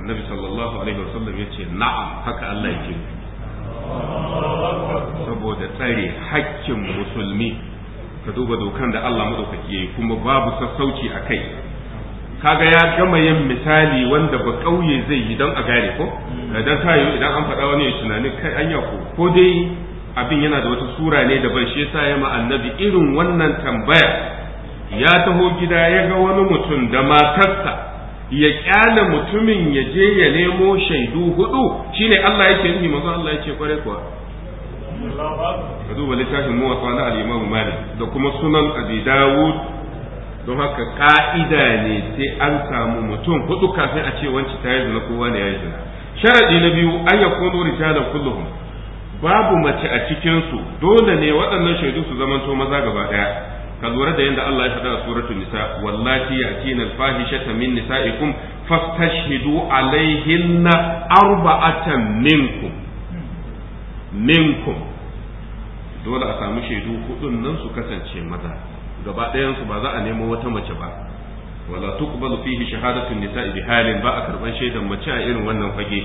[SPEAKER 2] annabi sallallahu alaihi wasallam ya na'am haka Allah yake nufi saboda tsare hakkin musulmi ka duba dokan da Allah madaukaki yayi kuma babu sassauci a kai kaga ya gama yin misali wanda ba kauye zai yi don a gane ko idan ta yi idan an faɗa wani ya tunani kai anya ko ko dai abin yana da wata sura ne da ban shi yasa ya annabi irin wannan tambaya ya taho gida ya ga wani mutum da matarsa ya kyale mutumin ya je ya nemo shaidu hudu shine Allah yake nufi manzo Allah yake kware kuwa ka littafin muwatta na al-Imam Malik da kuma sunan Abidawu don haka ka'ida ne sai an samu mutum hudu kafin a ce wanci ta yi zina kowa ne ya yi sharadi na biyu an yakunu rijalan kulluhum babu mace a cikinsu dole ne waɗannan shaidu su zamanto maza gaba ɗaya ka lura da yadda Allah ya faɗa a suratul nisa wallahi yatina al-fahishata min nisaikum fastashhidu alayhinna arba'atan minkum minkum dole a samu shaidu hudun nan su kasance maza gaba ɗayan su ba za a nemo wata mace ba wala tuqbalu fihi shahadatu nisa'i bi halin ba a karban shaidan mace a irin wannan fage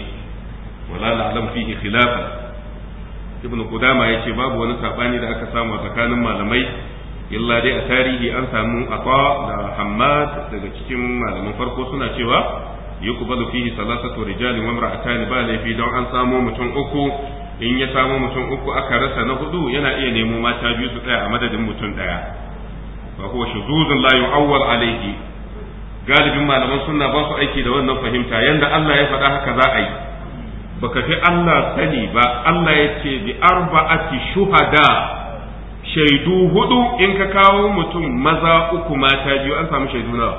[SPEAKER 2] wala la'lam fihi khilafan ibnu qudama yace babu wani sabani da aka samu a tsakanin malamai illa dai a tarihi an samu aqwa da hammad daga cikin malaman farko suna cewa yuqbalu fihi salasatu rijalin wa imra'atani ba laifi don an samo mutum uku in ya samu mutum uku aka rasa na hudu yana iya nemo mata biyu su tsaya a madadin mutum daya fa huwa shuzuzun la yu'awwal alayhi galibin malaman sunna ba su aiki da wannan fahimta yanda Allah ya faɗa haka za a yi baka fi Allah sani ba Allah ya ce bi arba'ati shuhada shaidu hudu in ka kawo mutum maza uku mata biyu an samu shaidu nawa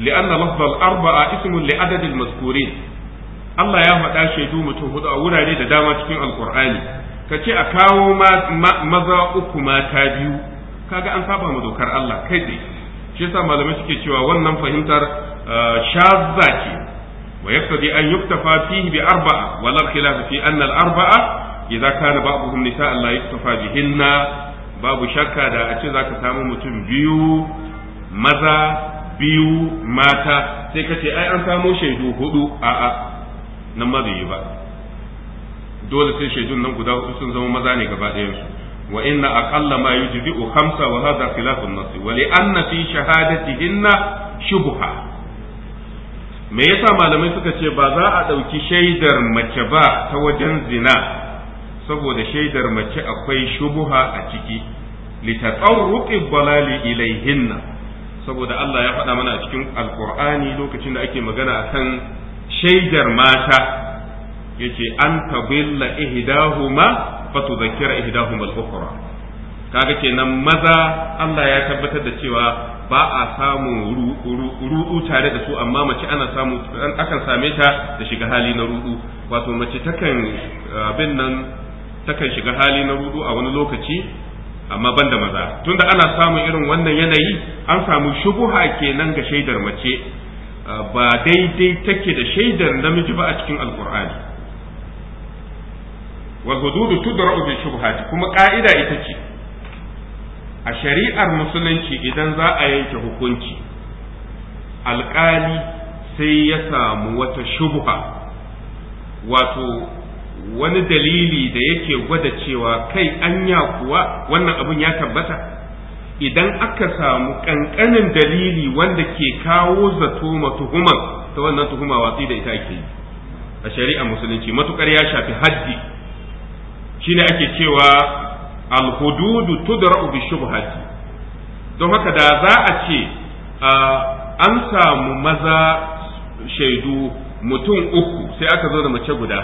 [SPEAKER 2] li'an lafz al-arba'a ismun li adad al Allah ya faɗa shaidu mutum hudu a wurare da dama cikin alkur'ani ka ce a kawo maza uku mata biyu kaga an saba mu dokar Allah kai tsaye shi yasa malamai suke cewa wannan fahimtar ah, shazza ce ويقتضي أن يكتفى فيه بأربعة ولا خلاف في أن الأربعة إذا كان بعضهم نساء لا يكتفى بهن babu shakka da a ce za ka samu mutum biyu maza biyu mata sai ka ce ai an samo shaidu huɗu a'a nan ma yi ba dole sai shaidun nan guda hudu sun zama maza ne gaba ɗayansu wa inna aqalla ma yujzi'u khamsa wa hadha khilafun nas wa li anna fi shahadatihinna shubha me yasa malamai suka ce ba za a ɗauki shaidar mace ba ta wajen zina saboda shaidar mace akwai shubuha a ciki litatsarruqi balali ilaihinna saboda Allah ya faɗa mana a cikin alqur'ani lokacin da ake magana a kan shaidar mata yace an tabilla ihdahuma fatudhakkira ihdahuma al-ukhra kaga kenan maza Allah ya tabbatar da cewa ba a samun ruɗu tare da su amma mace ana samu akan same ta da shiga hali na ruɗu wato mace takan abin nan takan shiga hali na ruɗu a wani lokaci amma ban da maza tunda ana samun irin wannan yanayi an samu shubuha kenan ga shaidar mace ah, ba daidai take da shaidar namiji ba a cikin alkur'ani wal hududu tudra'u bi shubuhati kuma ka'ida ita ce a shari'ar musulunci idan za a yanke hukunci alƙali sai ya samu wata shubha wato wani dalili da yake gwada cewa kai anya kuwa wannan abin ya tabbata idan aka samu ƙanƙanin dalili wanda ke kawo zato tuhumar, ta wannan tuhuma watsi da ita ake yi a shari'ar musulunci matukar ya shafi haddi shine ake cewa alhududu tudra'u bi shubhati don haka da za a ce an samu maza shaidu mutum uku sai aka zo da mace guda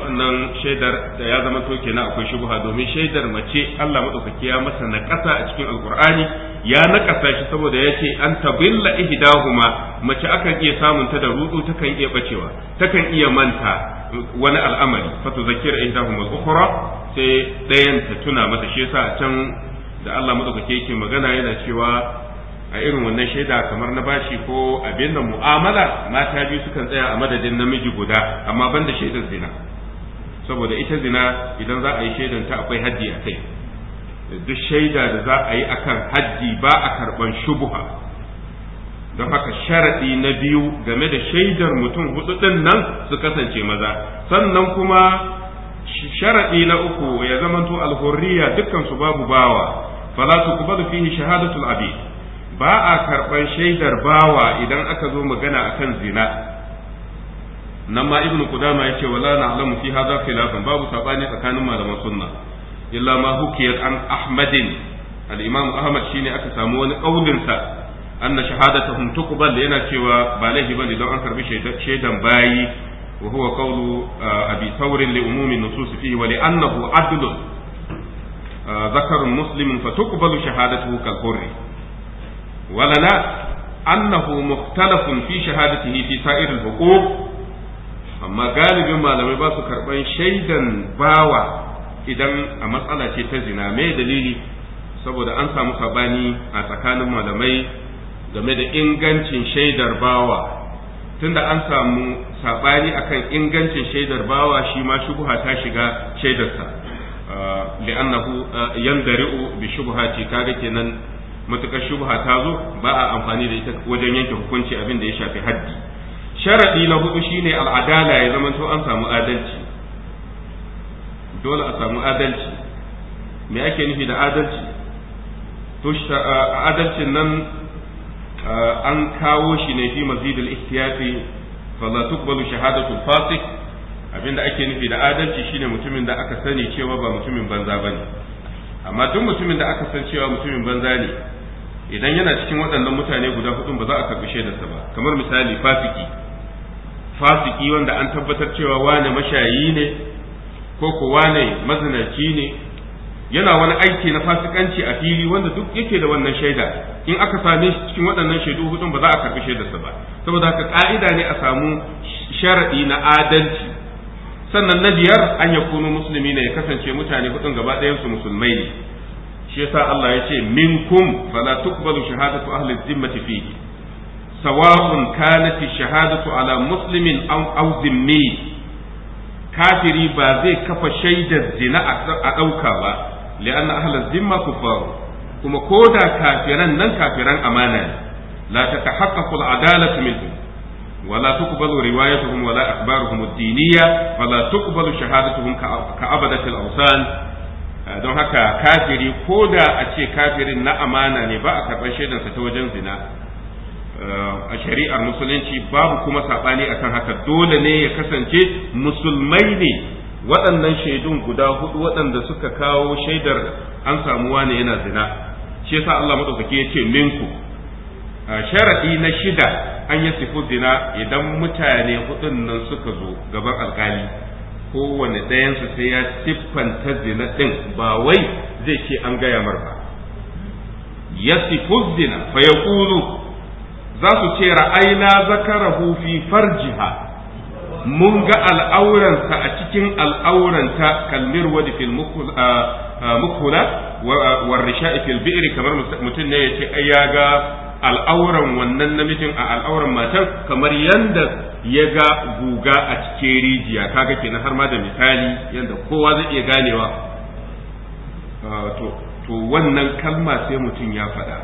[SPEAKER 2] wannan shaidar da ya zama to kenan akwai shubha domin shaidar mace Allah madaukaki ya masa naƙasa a cikin alkur'ani ya nakasa shi saboda yace an tabilla ihdahuma mace akan iya samun ta da rudu takan iya bacewa takan iya manta wani al'amari fa tuzakkira ihdahuma ukhra sai ɗayan ta tuna masa shi yasa can da Allah madaukake yake magana yana cewa
[SPEAKER 3] a irin wannan shaida kamar na bashi ko abin da mu'amala mata biyu sukan tsaya a madadin
[SPEAKER 2] namiji guda amma ban da shaidar zina saboda ita zina idan za a yi shaidan ta akwai haddi a kai duk shaida da za a yi akan haddi ba a karban shubuha don haka sharaɗi na biyu game da shaidar mutum hudu nan su kasance maza sannan kuma sharaɗi na uku ya zamanto alhurriya dukkan su babu bawa fala tuqbalu fihi shahadatul abid ba a karban shaidar bawa idan aka zo magana akan zina
[SPEAKER 1] nan ma ibnu qudama yace
[SPEAKER 2] wala na'lamu fi hadha khilafan babu sabani tsakanin malaman sunna illa ma hukiyat an ahmadin al ahmad shine aka samu wani qaulin sa anna shahadatuhum tuqbal yana cewa ba laifi bane don an karbi shaidan bayi وهو قول أبي ثور لعموم النصوص فيه ولأنه عدل ذكر مسلم فتقبل شهادته كالحر ولنا أنه مختلف في شهادته في سائر الحقوق amma galibin malamai ba su karɓan shaidan bawa idan a matsala ce ta zina mai dalili saboda an samu sabani a tsakanin malamai game da ingancin shaidar bawa tunda an samu saɓani akan ingancin shaidar bawa shi ma shubha ta shiga shaidarsa yan ah, ah, yandari'u bi shubhati kaga kenan matukar shubha ta zo ba a amfani da ita wajen yanke hukunci abin da ya shafi haddi sharadi na hudu shine al'adala ya zama to an samu adalci dole a samu adalci me ake nufi da adalci to ah, adalcin nan an kawo shi ne fi mazidul ihtiyati la tuqbalu shahadatu fasik abinda ake nufi da adalci shine mutumin da aka sani cewa ba mutumin banza bane amma duk mutumin da aka san cewa mutumin banza ne idan yana cikin waɗannan mutane guda hudun ba za a karɓi shaidarsa ba kamar misali fasiki fasiki wanda an tabbatar cewa wane mashayi ne ko ko wane mazinaci ne yana wani aiki na fasikanci a fili wanda duk yake da wannan shaida in aka same shi cikin waɗannan shaidu hudun ba za a karbi shaidarsa ba saboda haka ka'ida ne a samu sharadi na adalci sannan na biyar an ya kuno musulmi ne ya kasance mutane hudun gaba ɗayan su musulmai ne shi yasa Allah ya ce minkum fala tuqbalu shahadatu ahli dhimmati fihi sawa'un kanat shahadatu ala muslimin aw aw kafiri ba zai kafa shaidar zina a ɗauka ba li'anna ahlal zimma kuffaru kuma ko da kafiran nan kafiran amana ne la tatahaqqaqu al-adalatu minhum ولا تقبل روايتهم ولا أخبارهم الدينية ولا تقبل شهادتهم كعبدة الأوثان don haka kafiri ko da a ce kafirin na amana ne ba a karɓar shaidansa ta wajen zina a shari'ar musulunci babu kuma saɓani akan haka dole ne ya kasance musulmai ne waɗannan shaidun guda hudu waɗanda suka kawo shaidar an samu wani yana zina shi yasa Allah madaukake ya ce minku sharadi na shida an yi sifu zina idan mutane hudun nan suka zo gaban alkali kowane ɗayansu sai ya siffanta zina ɗin ba wai zai ce an gaya mar ba ya sifu zina fa ya za su ce ra'aina zakarahu fi farjiha mun ga al'auransa a cikin al'auranta kalmir wadi fil mukhula wa risha'i fil bi'ri kamar mutum ne yace ai ya ga al'auran wannan namijin a al'auran matar kamar yanda ya ga guga a cikin rijiya kaga kenan har ma da misali yanda kowa zai iya ganewa to wannan kalma sai mutum ya faɗa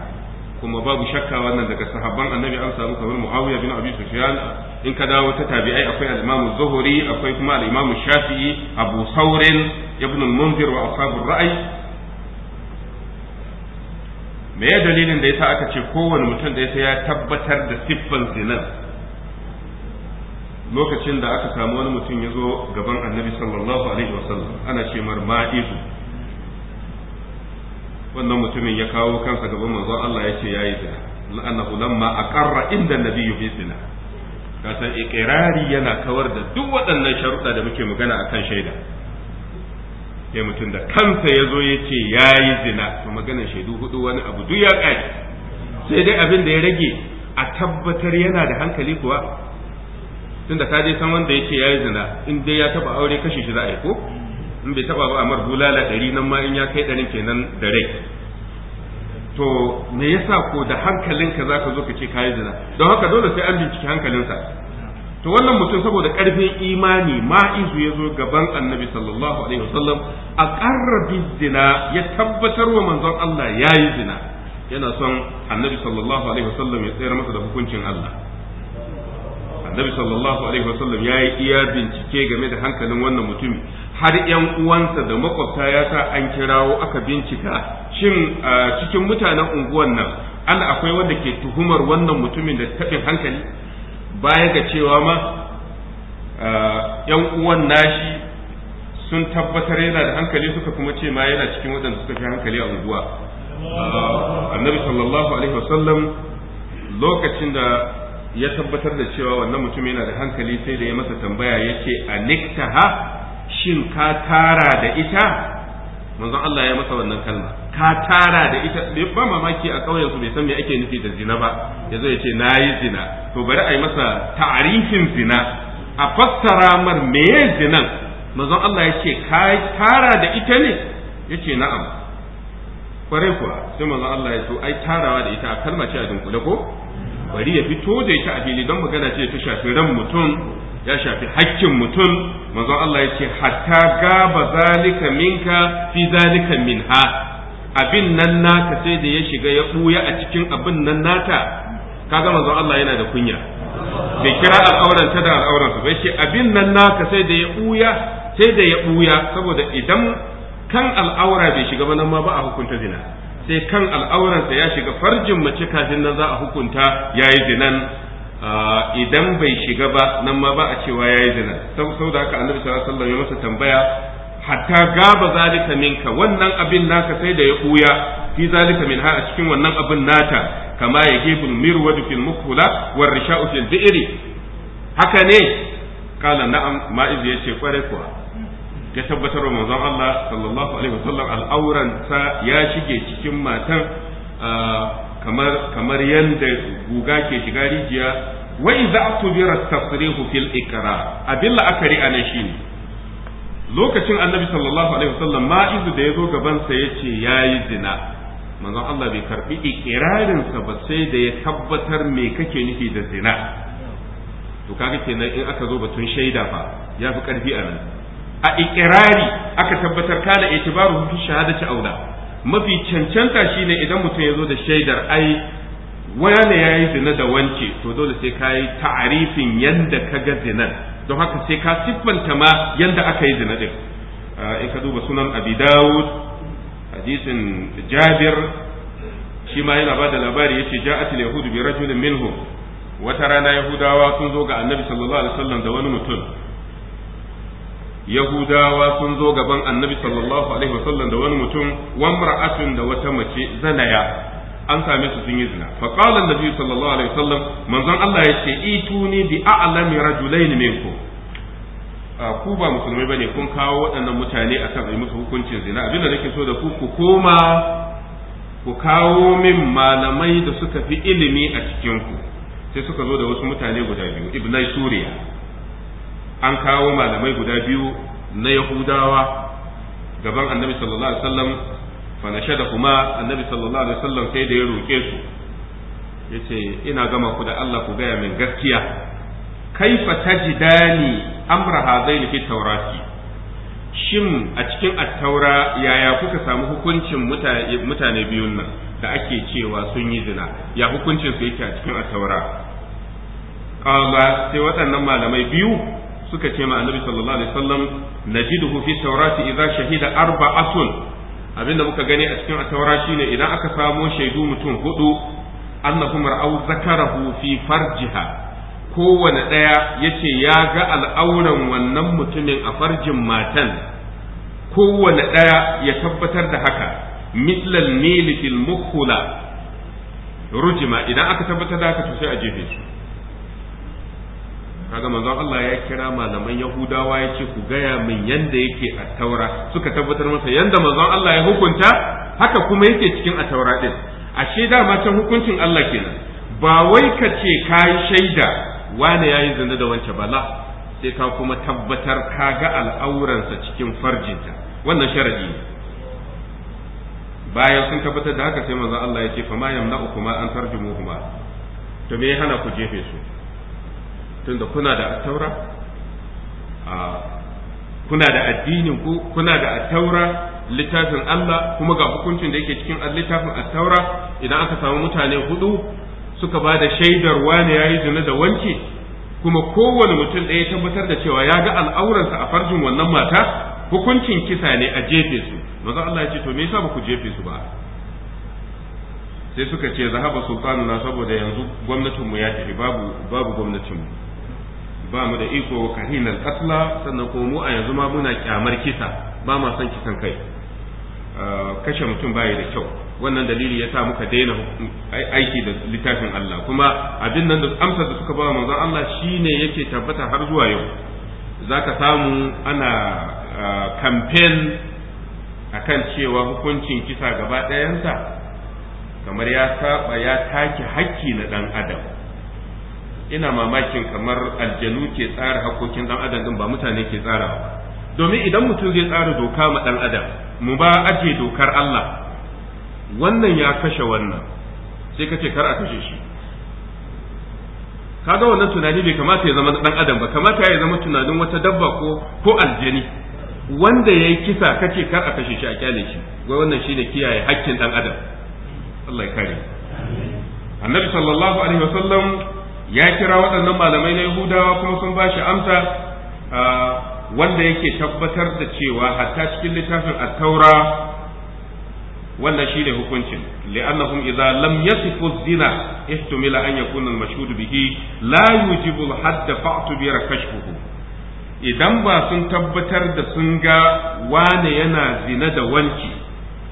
[SPEAKER 2] kuma babu shakka wannan daga sahabban annabi an samu kamar muawiya bin abi sufyan in ka dawo ta tabi'ai akwai al-Imam Zuhri akwai kuma al-Imam Shafi'i Abu Saurin Ibn al-Munzir wa ashabur ra'ayi me ya dalilin da yasa aka ce kowane mutum da yasa ya tabbatar da siffan zinan lokacin da aka samu wani mutum ya zo gaban annabi sallallahu alaihi wasallam ana ce mar ma'idu wannan mutumin ya kawo kansa gaban manzo Allah ya ce yayi zina la'annahu lamma aqarra inda nabiyyu bi zina kasan ikirari yana kawar da duk waɗannan sharuɗa da muke magana a kan shaida sai mutum da kansa ya zo ya ce ya yi zina to maganar shaidu hudu wani abu duk ya ƙashi sai dai abin da ya rage a tabbatar yana da hankali kuwa tun da ka je san wanda ya ce ya yi zina in dai ya taba aure kashe shi za a yi ko in bai taba ba a mar bulala ɗari nan ma in ya kai ɗarin kenan da rai to me yasa ko da hankalinka za ka zo ka ce kayi zina don haka dole sai an binciki hankalinsa to wannan mutum saboda karfin imani ma'izu ya zo gaban annabi sallallahu alaihi wasallam a karrabi zina ya tabbatar wa manzon Allah yi zina yana son annabi sallallahu alaihi wasallam ya tsayar masa da hukuncin Allah
[SPEAKER 3] annabi sallallahu
[SPEAKER 2] alaihi wasallam ya yi iya bincike game da hankalin wannan mutumi har ‘yan uwansa da makwabta ya sa an kirawo aka bincika shin cikin mutanen unguwan nan an akwai wanda ke tuhumar wannan mutumin da taɓin hankali baya ga cewa ma ‘yan uwan nashi sun tabbatar yana da hankali suka kuma ce ma yana cikin waɗanda suka fi hankali a unguwa annabi sallallahu alaihi wasallam lokacin da ya tabbatar da cewa wannan mutum yana da hankali sai da ya masa tambaya yake ha shin ka tara da ita manzon Allah ya masa wannan kalma ka tara da ita ba mamaki a ƙauyen su bai san me ake nufi da zina ba yazo ya ce nayi zina to bari a yi masa ta'arifin zina a fassara mar meye zinan manzon Allah ya ce ka tara da ita ne yace na'am kwarai kuwa sai manzon Allah ya so ai tarawa da ita a kalma ce a dunkule ko bari ya fito da ita a fili don magana ce ta shafi ran mutum ya shafi hakkin mutum manzo Allah ya ce hatta gaba zalika minka fi zalika minha abin nan naka sai da ya shiga ya buya a cikin abin nan nata kaga manzo Allah yana da kunya bai kira al'auran ta da al'auran su bai ce abin nan naka sai da ya buya sai da ya buya saboda idan kan al'aura bai shiga ba nan ma ba a hukunta zina sai kan al'auransa ya shiga farjin mace kafin nan za a hukunta yayi zinan Ah, idan bai shiga ba nan ma ba a cewa ya yi zina sau da haka annabi sallallahu alaihi wasallam ya masa tambaya hatta gaba zalika minka wannan abin naka sai da ya buya fi zalika min ha a cikin wannan abin nata kama ya gefin mirwadu fil mukula war risha'u fil bi'ri haka ne kala na'am ma'iz yace kware kuwa ya tabbatar wa manzon Allah sallallahu alaihi wasallam al'auran sa ya shige cikin matan ah, kamar kamar yanda guga ke shiga rijiya wa idza atubira tasrihu fil ikra abin la'akari anashi shine lokacin annabi sallallahu alaihi wasallam ma'izu da yazo gaban sa yace yayi zina manzon Allah bai karbi ikirarinsa ba sai da ya tabbatar me kake nufi da zina to kaga kenan in aka zo batun shaida fa ya fi karfi a nan a ikirari aka tabbatar kana itibaru fi shahadati auda mafi cancanta shine idan mutum ya zo da shaidar ai waya ne ya yi zina da wance to dole sai ka yi ta'arifin yadda ka ga zinan don haka sai ka siffanta ma yadda aka yi zina din ah, in ka duba sunan abi dawud hadisin jabir shi ma yana bada labari ya ce ja ja'atul yahudu bi rajulin minhum wata rana yahudawa sun zo ga annabi sallallahu alaihi wasallam da wani mutum yahudawa sun zo gaban annabi sallallahu alaihi wasallam da wani mutum mar'atun da wata mace zanaya an same su sun yi zina fa qala annabi sallallahu alaihi wasallam manzon Allah yace ituni bi a'lami rajulain minkum ku ba musulmai bane kun kawo waɗannan mutane akan yi musu hukuncin zina abinda nake so da ku ku koma ku kawo min malamai da suka fi ilimi a cikin ku sai suka zo da wasu mutane guda biyu ibnai suriya
[SPEAKER 1] an kawo malamai guda
[SPEAKER 2] biyu na yahudawa gaban annabi sallallahu alaihi wasallam fa da kuma annabi sallallahu alaihi wasallam sai da ya roke su yace ina gama ku da Allah ku gaya min gaskiya kaifa dani amra hadaini fi taurati shin a cikin attaura yaya kuka samu hukuncin mutane biyun nan da ake cewa sun yi zina ya hukuncin su yake a cikin attaura qala sai waɗannan malamai biyu suka ce ma annabi sallallahu alaihi wasallam najiduhu fi tawrati idza shahida arba'atun abinda muka gani a cikin at-taura shine idan aka samo shaidu mutum hudu annahum ra'aw zakarahu fi farjiha kowane daya yace ya ga al'auran wannan mutumin a farjin matan kowane daya ya tabbatar da haka mislal mili fil mukhula rujima idan aka tabbatar da haka to sai a jefe kaga manzon Allah ya kira malaman Yahudawa ya ce ku gaya min yanda yake a taura suka tabbatar masa yanda manzon Allah ya hukunta haka kuma yake cikin a taura din ashe dama can hukuncin Allah kenan ba wai ka ce ka yi shaida ya yayi zina da wance bala sai ka kuma tabbatar ka ga al'auransa cikin farjinta wannan sharadi bayan sun tabbatar da haka sai manzon Allah ya ce fa ma yamna'ukuma an tarjumuhuma to me ya hana ku jefe su tunda kuna da attaura kuna da addinin ku kuna da attaura littafin Allah kuma ga hukuncin da yake cikin littafin attaura idan aka samu mutane hudu suka ba da shaidar wani ya yi zina da wanki kuma kowane mutum ɗaya tabbatar da cewa ya ga al'auransa a farjin wannan mata hukuncin kisa ne a jefe su maza Allah ya ce to me yasa ba ku jefe su ba sai suka ce zahaba sultanuna saboda yanzu gwamnatinmu ya tafi babu gwamnatinmu ba mu da iko wa kahinal katla sannan kuma mu a yanzu ma muna kyamar kisa ba ma son kisan kai ah, kashe mutum baya da kyau wannan dalili ya sa muka daina aiki da littafin Allah kuma abin nan da amsa da suka ba manzon Allah shine yake tabbata har zuwa yau zaka samu ana ah, campaign akan cewa hukuncin kisa gaba ɗayansa kamar ya saba ya take hakki na ɗan adam
[SPEAKER 1] ina mamakin kamar aljanu ke tsara
[SPEAKER 2] hakokin dan adam din ba mutane ke tsara ba domin idan mutum zai tsara doka ma dan adam mu ba aje dokar Allah wannan ya kashe wannan sai ka kar a kashe shi kaga wannan tunani bai kamata ya zama dan adam ba kamata ya zama tunanin wata dabba ko ko aljani wanda yayi kisa kace kar a kashe shi a kyale shi wai wannan shine kiyaye haƙƙin dan adam Allah ya kare annabi sallallahu alaihi wasallam ya kira waɗannan malamai na yahudawa kuma sun ba shi amsa wanda yake tabbatar da cewa hatta cikin littafin at-taura wannan ne hukuncin li'annahum idza lam yasifu zina ihtumila an yakuna al-mashhud bihi la yujibu fa'tu fa'tubira rakashuhu idan ba sun tabbatar da sun ga wane yana zina da wanki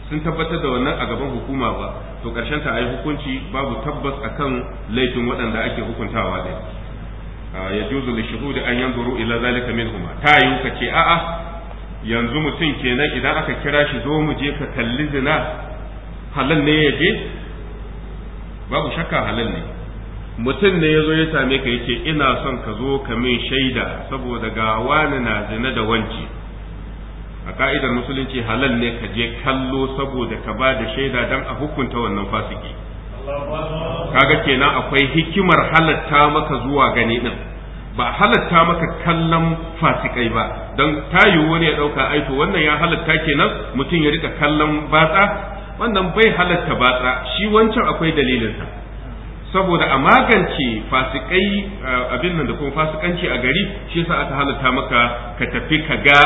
[SPEAKER 2] sun tabbatar da wannan a gaban hukuma ba to karshen ta ayi hukunci babu tabbas akan laifin waɗanda ake hukuntawa dai. ya juzu li shuhudi an yanzuru ila zalika min huma ta yi ka ce a'a yanzu mutum kenan idan aka kira shi zo mu je ka kalli zina halal ne ya je babu shakka halal ne mutum ne ya zo ya same ka yace ina son ka zo ka min shaida saboda ga wani na zina da wanci a ka'idar musulunci halal ne ka je kallo saboda ka ba da shaida don a hukunta wannan fasiki kaga kenan akwai hikimar halatta maka zuwa gani din ba halatta maka kallon fasikai ba don tayu wani ya dauka aito wannan ya halatta kenan mutum ya rika kallon batsa wannan bai halatta batsa shi wancan akwai dalilinsa saboda a magance fasikai eh, abin nan da kuma fasikanci a gari shi yasa aka halatta maka ka tafi ka ga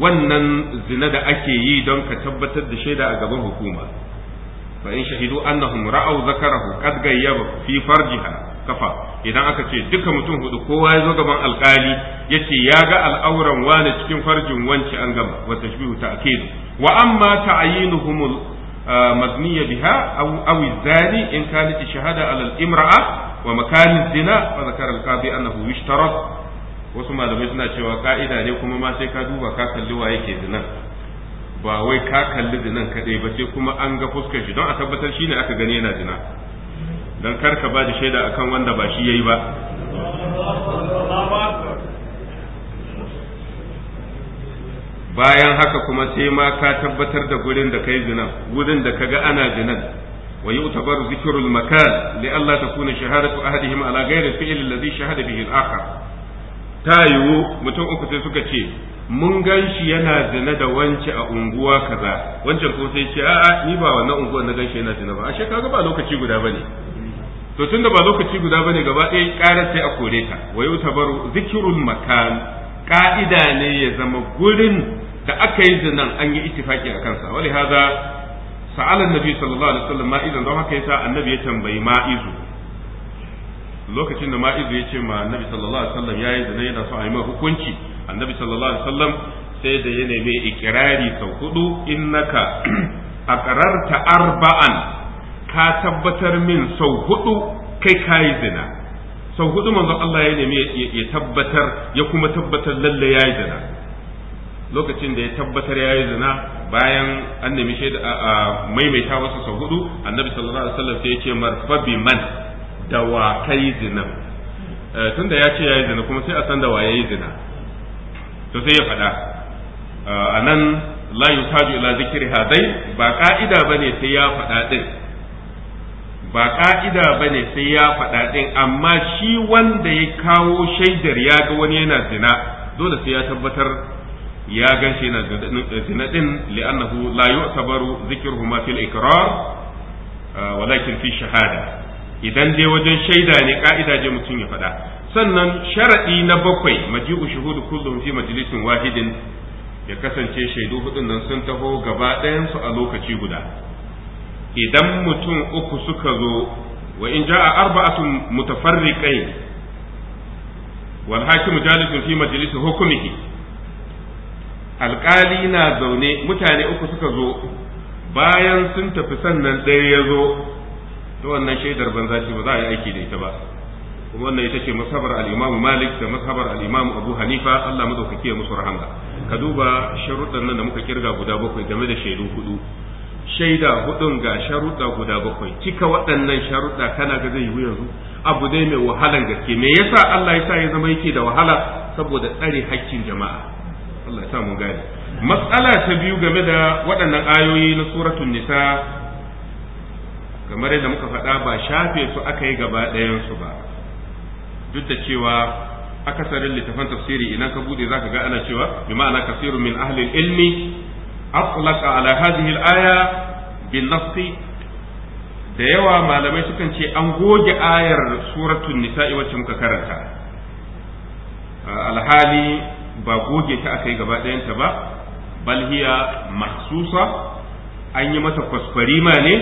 [SPEAKER 2] wannan zina da ake yi don ka tabbatar da shaida a gaban hukuma fa in shahidu annahum ra'aw zakarahu qad gayyaba fi farjiha kafa idan aka ce duka mutum hudu kowa ya zo gaban alkali yace ya ga al'auran wani cikin farjin wance an gama wa tashbihu ta'kidu wa amma ta'yinuhum مبنية بها أو أو الزاني imra'a wa الشهادة على الامرأة ومكان الزنا فذكر القاضي أنه يشترط wasu malamai suna cewa ka'ida ne kuma ma sai ka duba ka kalli wa yake zinan ba wai ka kalli zinan kaɗai ba sai kuma an ga fuskar shi don a tabbatar shi ne aka gani yana zina don kar ka bada shaida akan wanda ba shi ya yi ba
[SPEAKER 3] bayan haka kuma sai ma ka tabbatar da gurin da kai zinan gurin da ka ga ana zinan
[SPEAKER 2] wa utabar zikrul makan li Allah takuna shahadatu ahadihim ala ghairi al-fi'l alladhi shahada bihi al-akhar ta yiwu mutum uku sai suka ce mun gan shi yana zina da wance a unguwa kaza wancan ko sai ce a'a ni ba wannan unguwar na gan shi yana zina ba ashe kaga ba lokaci guda bane to tunda ba lokaci guda bane gaba ɗaya ƙarar sai a kore ta wa yau tabaru zikirul makan ka'ida ne ya zama gurin da aka yi zinan an yi ittifaki a kansa wali haza sa'alan nabi sallallahu alaihi wasallam ma'izan don haka yasa annabi ya tambayi ma'izu lokacin da ma'izu ya ce ma annabi sallallahu alaihi wasallam yayi zina yana so a yi mai hukunci annabi sallallahu alaihi wasallam sai da ya nemi ikirari sau hudu innaka aqrarta arba'an ka tabbatar min sau hudu kai kayi zina sau hudu manzon Allah ya ya tabbatar ya kuma tabbatar lalle yayi zina lokacin da ya tabbatar yayi zina bayan an nemi shaida a maimaita wasu sau hudu annabi sallallahu alaihi wasallam sai ya ce marfa man da wa kai zina eh, tunda ya ce ya yi zina kuma sai a san da wa ya yi zina to sai ya faɗa eh, a nan la yutaju ila zikri hadai ba ka'ida bane sai ya faɗa ɗin, ba ka'ida bane sai ya faɗa din amma shi wanda ya kawo shaidar ya ga wani yana zina dole sai ya tabbatar ya gan shi yana zina din li'annahu la yu'tabaru zikruhu ma fil ikrar eh, walakin fi shahada idan dai wajen shaida ne ka'ida je mutum ya faɗa sannan sharaɗi na bakwai maji'u shuhudu kullum fi majalisin wahidin ya kasance shaidu hudun nan sun taho gaba su a lokaci guda idan mutum uku suka zo wa in ja'a arba'atun mutafarriqain wal hakimu jalisun fi majlisi hukmihi alƙali na zaune mutane uku suka zo bayan sun tafi sannan ɗaya ya zo to wannan shaidar banza ce ba za a yi aiki da ita ba kuma wannan ita ce masabar al'imamu Malik da masabar al'imamu Abu Hanifa Allah dauka kiyaye musu rahama ka duba sharuɗan nan da muka kirga guda bakwai game da shaidu hudu shaida hudun ga sharuɗa guda bakwai cika waɗannan sharuɗa kana ga zai yiwu yanzu abu dai mai wahalan gaske me yasa Allah ya sa ya zama yake da wahala saboda tsare hakkin jama'a Allah ya sa mu gane matsala ta biyu game da waɗannan ayoyi na suratun nisa kamar yadda muka faɗa ba shafe su aka yi gaba ɗayansu ba duk da cewa akasarin littafan tafsiri idan ka bude zaka ga ana cewa bi ma'ana kasiru min ahli ilmi aqlaqa ala hadhihi al-aya bin nafsi da yawa malamai sukan ce an goge ayar suratul nisa'i wacce muka karanta alhali ba goge ta aka yi gaba ɗayanta ba bal hiya mahsusa an yi mata kwaskwarima ne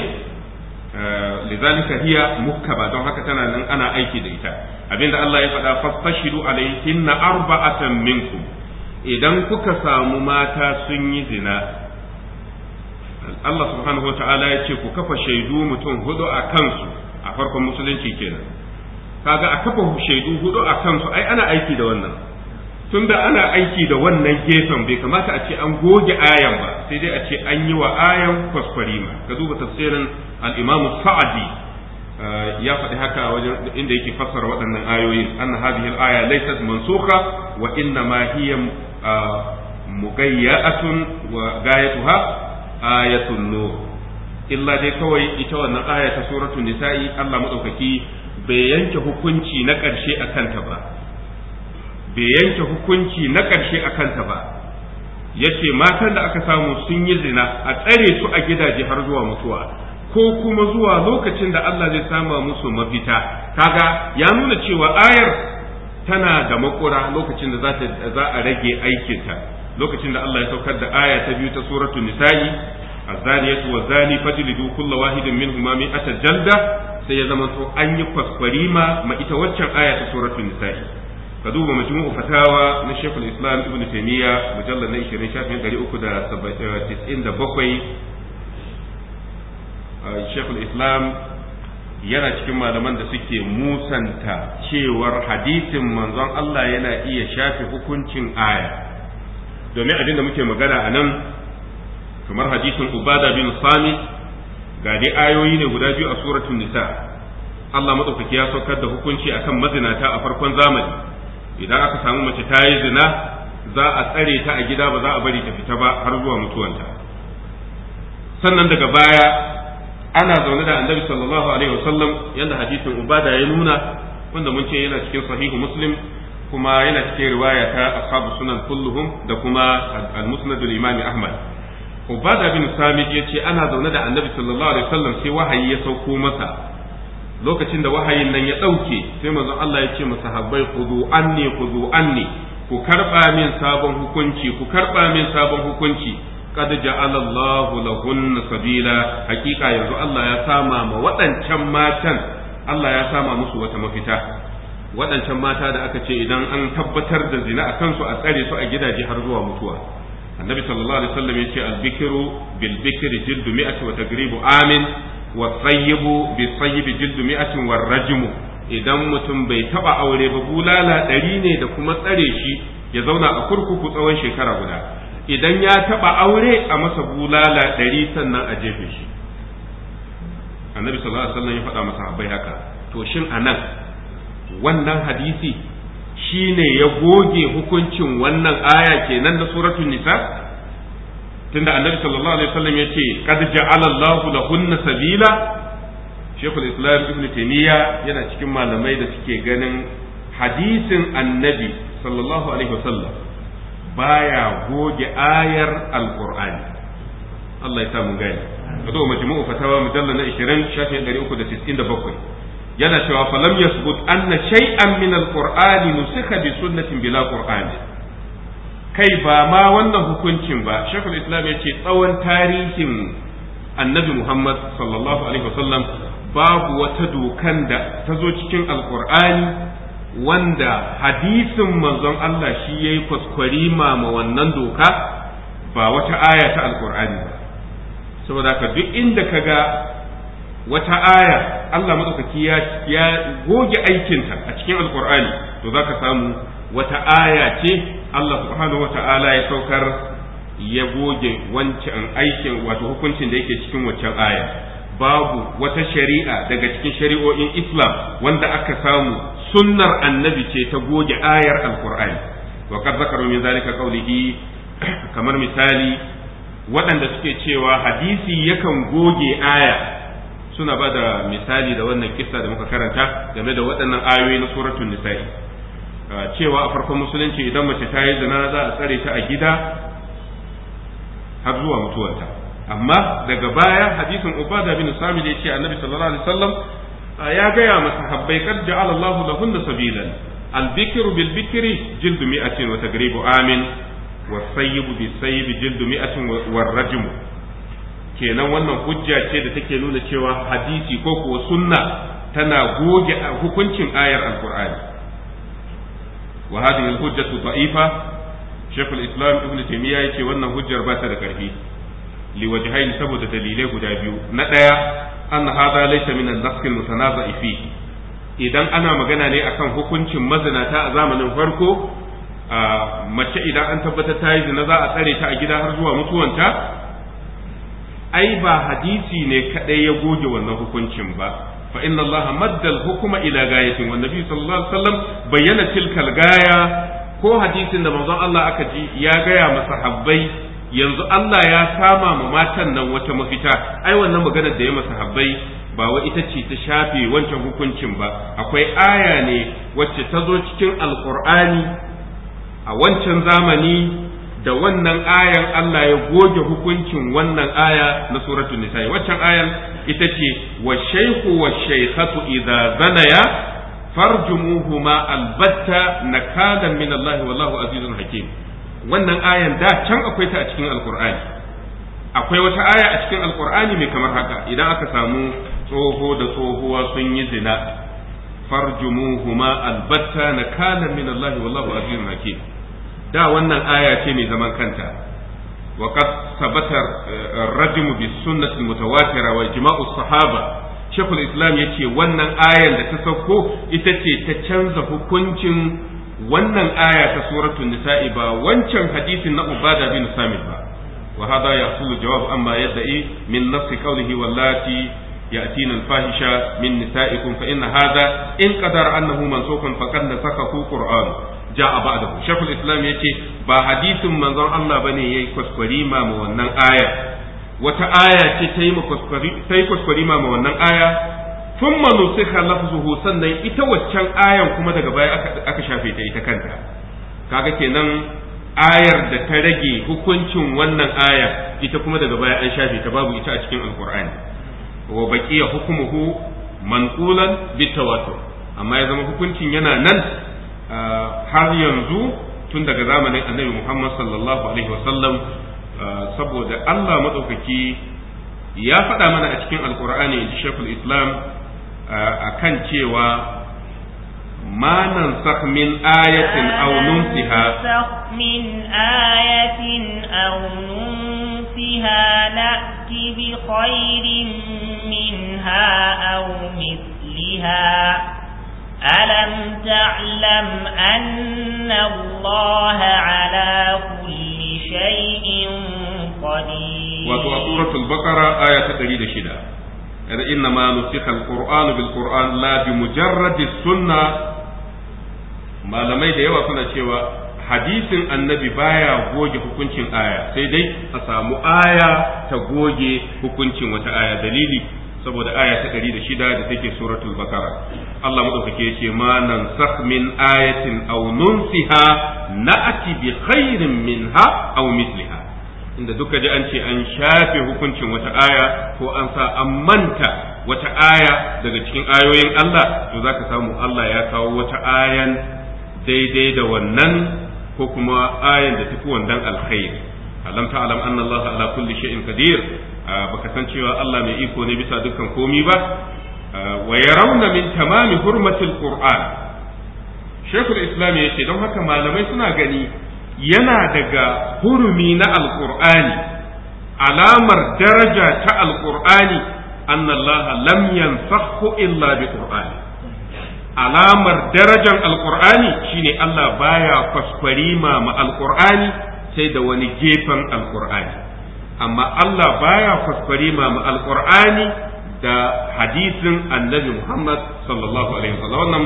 [SPEAKER 2] Eh, lizalika hiya mukkaba don haka tana nan ana aiki da ita abinda Allah ya faɗa fastashidu alaihinna arba'atan minkum idan kuka samu mata sun yi zina Allah subhanahu wa ta'ala ya ce ku kafa shaidu mutum hudu a kansu a farkon musulunci kenan kaga a kafa shaidu hudu a kansu ai ana aiki da wannan tun da ana aiki da wannan gefen bai kamata a ce an goge ayan ba sai dai a ce an yi wa ayan kwaskwarima ka duba tafsirin al sa'adi uh, ya faɗi haka wajen inda yake fassara waɗannan ayoyin anna hadhihi al-aya laysat mansukha wa inna ma hiya uh, mugayyatun wa gayatuha ayatun nur illa dai kawai ita wannan aya ta suratul nisa'i Allah madaukaki bai yanke hukunci na ƙarshe a kanta ba bai yanke hukunci na ƙarshe a kanta ba yace matan da aka samu sun yi zina a tsare su a gidaje har zuwa mutuwa ko kuma zuwa lokacin da Allah zai sama musu mafita kaga ya nuna cewa ayar tana da makura lokacin da za a rage aikinta lokacin da Allah ya saukar da aya ta biyu ta suratul nisa'i zaniyatu wa zani fajlidu kullu wahidin minhuma mi'ata jalda sai ya zama to an yi kwaskwarima ma ita waccan aya ta suratul nisa'i ka duba majmu'u fatawa na Sheikhul Islam Ibn Taymiyyah mujallal na 20 shafin 397 shekul islam yana cikin malaman da suke musanta cewar hadisin manzon Allah yana iya shafe hukuncin aya domin abin da muke magana a nan kamar hadisin ubada bin sami ga dai ayoyi ne guda biyu a suratul nisa Allah madaukaki ya saukar da hukunci akan mazinata a farkon zamani idan aka samu mace ta yi zina za a tsare ta a gida ba za a bari ta fita ba har zuwa mutuwanta sannan daga baya ana zaune da annabi sallallahu alaihi wasallam yanda hadisin ubada ya nuna wanda mun ce yana cikin sahihu muslim kuma yana cikin riwaya ta ashabu sunan kulluhum da kuma al-musnad al-imam ahmad ubada bin ce ana zaune da annabi sallallahu alaihi wasallam sai wahayi ya sauko masa lokacin da wahayin nan ya dauke sai manzon Allah ya ce masahabbai khudu anni khudu anni ku karba min sabon hukunci ku karba min sabon hukunci qad ja'ala Allahu sabila haƙiƙa yanzu Allah ya sama waɗancan matan Allah ya sama musu wata mafita waɗancan mata da aka ce idan an tabbatar da zina a kansu a tsare su a gidaje har zuwa mutuwa annabi sallallahu alaihi wasallam ya ce al-bikru bil bikri jildu mi'ati wa amin wa tsayyibu bi tsayyibi jildu mi'atin wa rajmu idan mutum bai taɓa aure ba bulala ɗari ne da kuma tsare shi ya zauna a kurkuku tsawon shekara guda idan ya taba aure a masa bulala ɗari sannan a jefe shi annabi sallallahu alaihi wasallam ya faɗa masa habai haka to shin anan wannan hadisi shine ya goge hukuncin wannan aya kenan na suratul nisa tunda annabi sallallahu alaihi wasallam ya ce qad ja'ala Allahu lahunna sabila shekul islam ibn taymiya yana cikin malamai da suke ganin hadisin annabi sallallahu alaihi wasallam baya goge ayar alqur'ani Allah ya sa mun gani ka zo majmu'u fatawa mujallal na 20 shafin 397 yana cewa fa falam yasbut anna shay'an min alqur'ani nusikha bi sunnatin bila qur'ani kai ba ma wannan hukuncin ba shekul islam ya ce tsawon tarihin annabi muhammad sallallahu alaihi wasallam babu wata dokan da ta zo cikin alqur'ani wanda hadisin manzon Allah shi ya yi kwaskwari ma wannan doka ba wata aya ta alkur'ani ba saboda ka duk inda ka ga wata aya Allah matsakaki ya goge aikinta a cikin alkur'ani to za ka samu wata aya ce Allah subhanahu wata'ala ya saukar ya goge wancan aikin wato hukuncin da yake cikin waccan aya babu wata shari'a daga cikin shari'o'in islam wanda aka samu sunnar annabi ce ta goge ayar alkur'ani wa kad zakaru min zalika qawlihi kamar misali waɗanda suke cewa hadisi yakan goge aya suna ba da misali da wannan kissa da muka karanta game da waɗannan ayoyi na suratul nisa'i cewa a farkon musulunci idan mace ta yi zina za a tsare ta a gida har zuwa mutuwarta amma daga baya hadisin ubada bin samil ya ce annabi sallallahu alaihi wasallam ya gaya masa habbai kad ja'ala Allahu lahunna sabilan al-bikru bil bikri jildu mi'atin wa tagribu amin والسيب بالسيب جلد مئة والرجم kenan wannan hujja ce da take nuna cewa hadisi ko kuwa sunna tana goge hukuncin ayar alqur'ani wa hadhihi alhujjatu da'ifa shaykh islam ibn taymiya yace wannan hujjar ba ta da karfi liwajhaini saboda dalilai guda biyu na ɗaya an hada laysa min an-nafs mutanazai fi idan ana magana ne akan hukuncin mazinata a zamanin farko mace idan an tabbatar ta yi zina za a tsare ta a gida har zuwa mutuwanta ai ba hadisi ne kadai ya goge wannan hukuncin ba fa inna Allah maddal hukuma ila gayatin wa nabi sallallahu alaihi wasallam bayyana tilkal gaya ko hadisin da manzon Allah aka ji ya gaya masahabbai yanzu Allah ya sama ma matan nan wata mafita ai wannan maganar da ya masa habbai ba wa ita ce ta shafe wancan hukuncin ba akwai aya ne wacce ta zo cikin alkur'ani a wancan zamani da wannan ayan Allah ya goge hukuncin wannan aya na suratul nisa waccan ayan ita ce wa shaykhu wa shaykhatu idza zanaya farjumuhuma albatta nakadan min Allah wallahu azizun hakim wannan ayan da can akwai ta a cikin alkur'ani akwai wata aya a cikin alkur'ani mai kamar haka idan aka samu tsoho da tsohuwa sun yi zina farjumuhuma albatta na kala min Allah wallahu azizun hakim da wannan aya ce mai zaman kanta wa qad sabata eh, rajmu bi sunnati mutawatira wa jima'u sahaba shekul islam yace wannan ayan da ta sauko ita ce ta canza hukuncin wannan aya ta suratul nisa'i ba wancan hadisin na ubada bin samit ba wa hada yahsulu jawab amma i? min nafsi qawlihi wallati يأتينا الفاحشة من نسائكم فإن هذا إن قدر أنه منسوخ فقد نسخه قرآن جاء بعده شيخ الإسلام يأتي بحديث من ظن الله بني يكسكري ما مونن آية wata aya ce ta yi kwaskwarima ma wannan aya thumma nusikha lafzuhu sannan ita waccan ayan kuma daga baya aka shafe ta ita kanta kaga kenan ayar da ta rage hukuncin wannan aya ita kuma daga baya an shafe ta babu ita a cikin alqur'ani wa baqiya hukmuhu manqulan bitawatur amma ya zama hukuncin yana nan har yanzu tun daga zamanin annabi Muhammad sallallahu alaihi wasallam saboda Allah madaukaki ya faɗa mana a cikin Alƙur'ani in Islam akan cewa manan nansakh min ayatin aw nunsiha
[SPEAKER 1] min ayatin aw nunsiha na'ti bi khairin minha aw mithliha ألم تعلم أن الله على كل شيء قدير وسورة
[SPEAKER 2] البقرة آية 106 inna نسخ القرآن بالقرآن لا بمجرد sunna. Malamai da yawa suna cewa hadisin annabi baya goge hukuncin aya sai dai a samu aya ta goge hukuncin wata aya dalili saboda aya ta ɗari da shida da take suratul bakara Allah maɗaukake ya ce ma nan min ayatin aw nunsiha na'ati bi khairin minha aw misliha inda duka ji an ce an shafe hukuncin wata aya ko an sa an manta wata aya daga cikin ayoyin Allah to zaka samu Allah ya kawo wata ayan daidai da wannan ko kuma ayan da tafi wannan alkhairi alam ta'lam anna Allah ala kulli shay'in qadir baka san cewa Allah mai iko ne bisa dukkan komi ba wa yarawna min tamami hurmatil qur'an shaykhul islam yace don haka malamai suna gani yana daga hurumi na alkur'ani alamar daraja ta alƙur'ani an Allah lam yansakhu illa bi qur'ani alamar darajar alkur'ani shine Allah baya kwaskwari ma alkur'ani sai da wani gefen alƙur'ani amma Allah baya kwaskwari ma alkur'ani da hadisin annabi Muhammad sallallahu alaihi wasallam wannan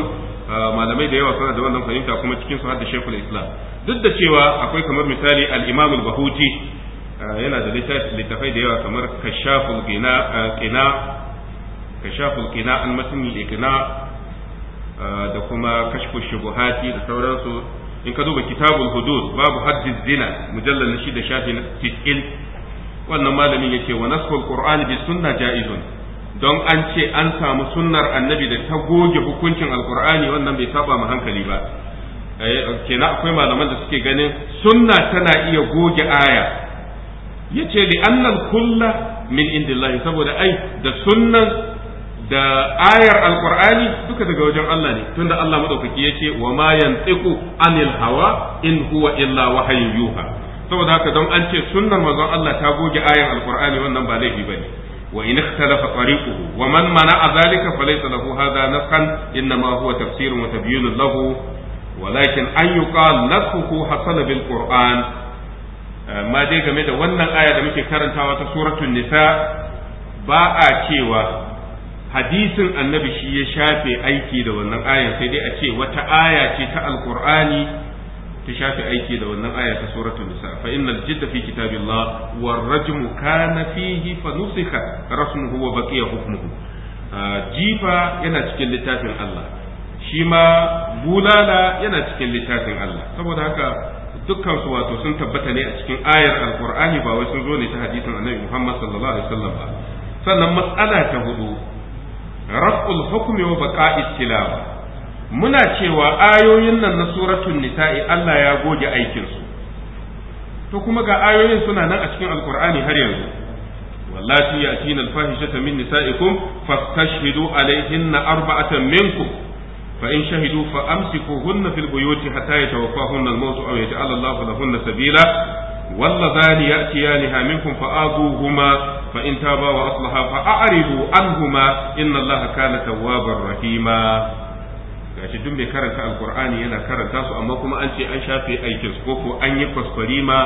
[SPEAKER 2] ah, malamai da yawa suna da wannan fahimta kuma cikin su har da Sheikhul Islam duk da cewa akwai kamar misali al-imam al-bahuti yana da littafai da yawa kamar kashaful qina qina kashaful qina an matn al
[SPEAKER 1] da kuma kashfu shubuhati
[SPEAKER 2] da sauransu in ka duba kitabul hudud babu haddiz zina mujallal na shida shafi na wannan malamin yace wa nasful qur'ani bi sunna jaizun don an ce an samu sunnar annabi da ta goge hukuncin alqur'ani wannan bai saba mu hankali ba Eh, kenan akwai malaman da suke ganin sunna tana iya goge aya yace li annal kulla min indillahi saboda ai da sunnan da ayar alqur'ani duka daga wajen Allah ne tunda Allah madaukaki yace wa ma yantiqu anil hawa in huwa illa wahyun yuha saboda haka don an ce sunnar manzon Allah ta goge ayar alqur'ani wannan ba laifi bane wa in ikhtalafa tariquhu wa man mana'a zalika falaysa lahu hadha nasan inma huwa tafsirun wa tabyinun lahu walakin an yuqal nasxuhu hasala bil qur'an amma eh, dai game da wannan aya da muke karantawa ta suratul nisa ba a cewa hadisin annabi shi ya shafe aiki da wannan aya. sai dai a ce wata aya ce ta alqur'ani ta shafe aiki da wannan aya ta suratul nisa fa innal jidda fi kitabillah war rajmu kana fihi fa nusikha rasmuhu wa baqiya hukmuhu eh, jifa yana cikin littafin Allah shi ma bulala yana cikin littafin Allah saboda haka dukkan su wato sun tabbata ne a cikin ayar alqur'ani ba wai sun zo ne ta hadisin annabi Muhammad sallallahu alaihi wasallam ba sannan matsala ta hudu raf'ul hukmi wa baqa'it tilawa muna cewa ayoyin nan na suratul nisa'i Allah ya goge aikin su to kuma ga ayoyin suna nan a cikin alqur'ani har yanzu wallahi yatina fahishata min nisa'ikum fastashhidu alaihinna arba'atan minkum fa in shahidu fa amsikuhunna fil buyuti hatta yatawaffahunna al-maut aw yaj'al Allahu lahunna sabila واللذان يأتيانها منكم فآذوهما فإن تابا وأصلحا فأعرضوا عنهما إن الله كان توابا رحيما gashi duk mai karanta alkur'ani yana karanta su amma kuma an ce an shafe aikin su koko an yi kwaskwari ma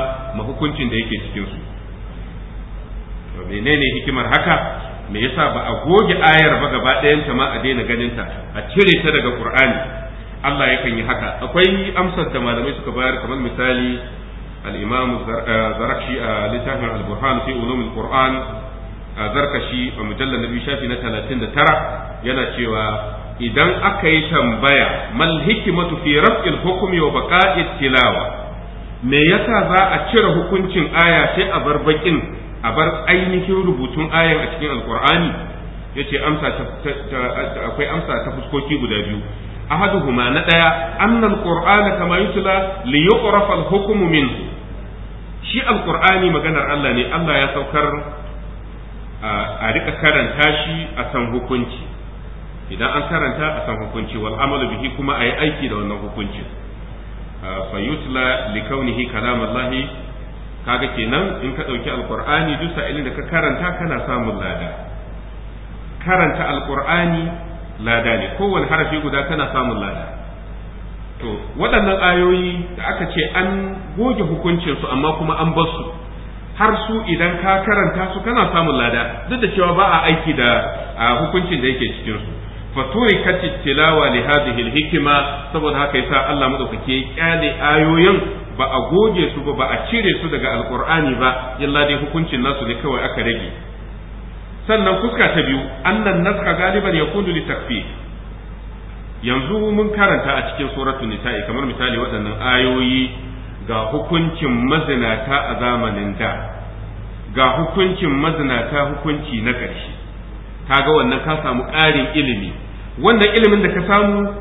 [SPEAKER 2] hukuncin da yake cikin su to ne hikimar haka me yasa ba a goge ayar ba gaba ɗayanta ma a daina ganin ta a cire ta daga qur'ani Allah yakan yi haka akwai amsar da malamai suka bayar kamar misali al-imam eh, zarakshi a littafin al-burhan fi ulum al-qur'an zarkashi a mujallal nabi shafi na tara. yana cewa idan aka yi tambaya mal hikmatu fi raf'il hukmi wa baqa'i tilawa me yasa za a cire hukuncin aya sai a barbakin a bar ainihin rubutun ayan a cikin alkur'ani ya ce akwai amsa ta fuskoki guda biyu ahaduhuma na ɗaya annan qur'ana kama yutla li liyo al hukumomin shi alkur'ani maganar Allah ne Allah ya saukar a rika karanta shi a san hukunci idan an karanta a san hukunci wal amalu bihi kuma yi aiki da wannan hukuncin fa yutla li kaunihi kalam kaga kenan in ka ɗauki alkur'ani duk sa'ilin da ka karanta kana samun lada karanta alkur'ani lada ne kowane harafi guda kana samun lada to waɗannan ayoyi da aka ce an goge hukuncinsu amma kuma an bar su har su idan ka karanta su kana samun lada duk da cewa ba a aiki da a hukuncin da yake cikinsu faturi kacin tilawa li hadhihi hikima saboda haka yasa Allah madaukake ya kyale ayoyin ba a goge su ba ba a cire su daga alkur'ani ba illa dai hukuncin nasu ne kawai aka rage sannan fuska ta biyu annan naska galiban ya li takfir yanzu mun karanta a cikin suratul nisa'i kamar misali waɗannan ayoyi ga hukuncin mazinata a zamanin da ga hukuncin mazinata hukunci na ƙarshe kaga wannan ka samu ƙarin ilimi wannan ilimin da ka samu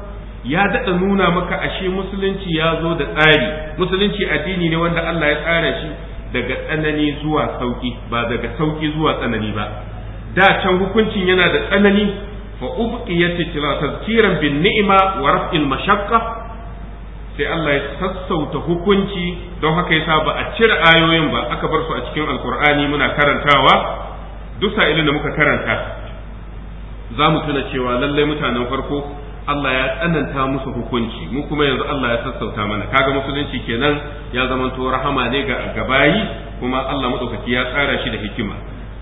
[SPEAKER 2] ya daɗa nuna maka ashe musulunci ya zo da tsari musulunci addini ne wanda Allah ya tsara shi daga tsanani zuwa sauƙi, ba daga sauƙi zuwa tsanani ba da can hukuncin yana da tsanani fa ubqiyati tazkiran bin ni'ima wa raf'il mashaqqa sai Allah ya sassauta hukunci don haka yasa ba a cire ayoyin ba aka bar su a cikin alkur'ani muna karantawa duk sa'ilin da muka karanta za mu tuna cewa lallai mutanen farko Allah ya tsananta musu hukunci mu kuma yanzu Allah ya sassauta mana kaga musulunci kenan ya zamanto rahama ne ga gabayi kuma Allah madaukaki ya tsara shi da hikima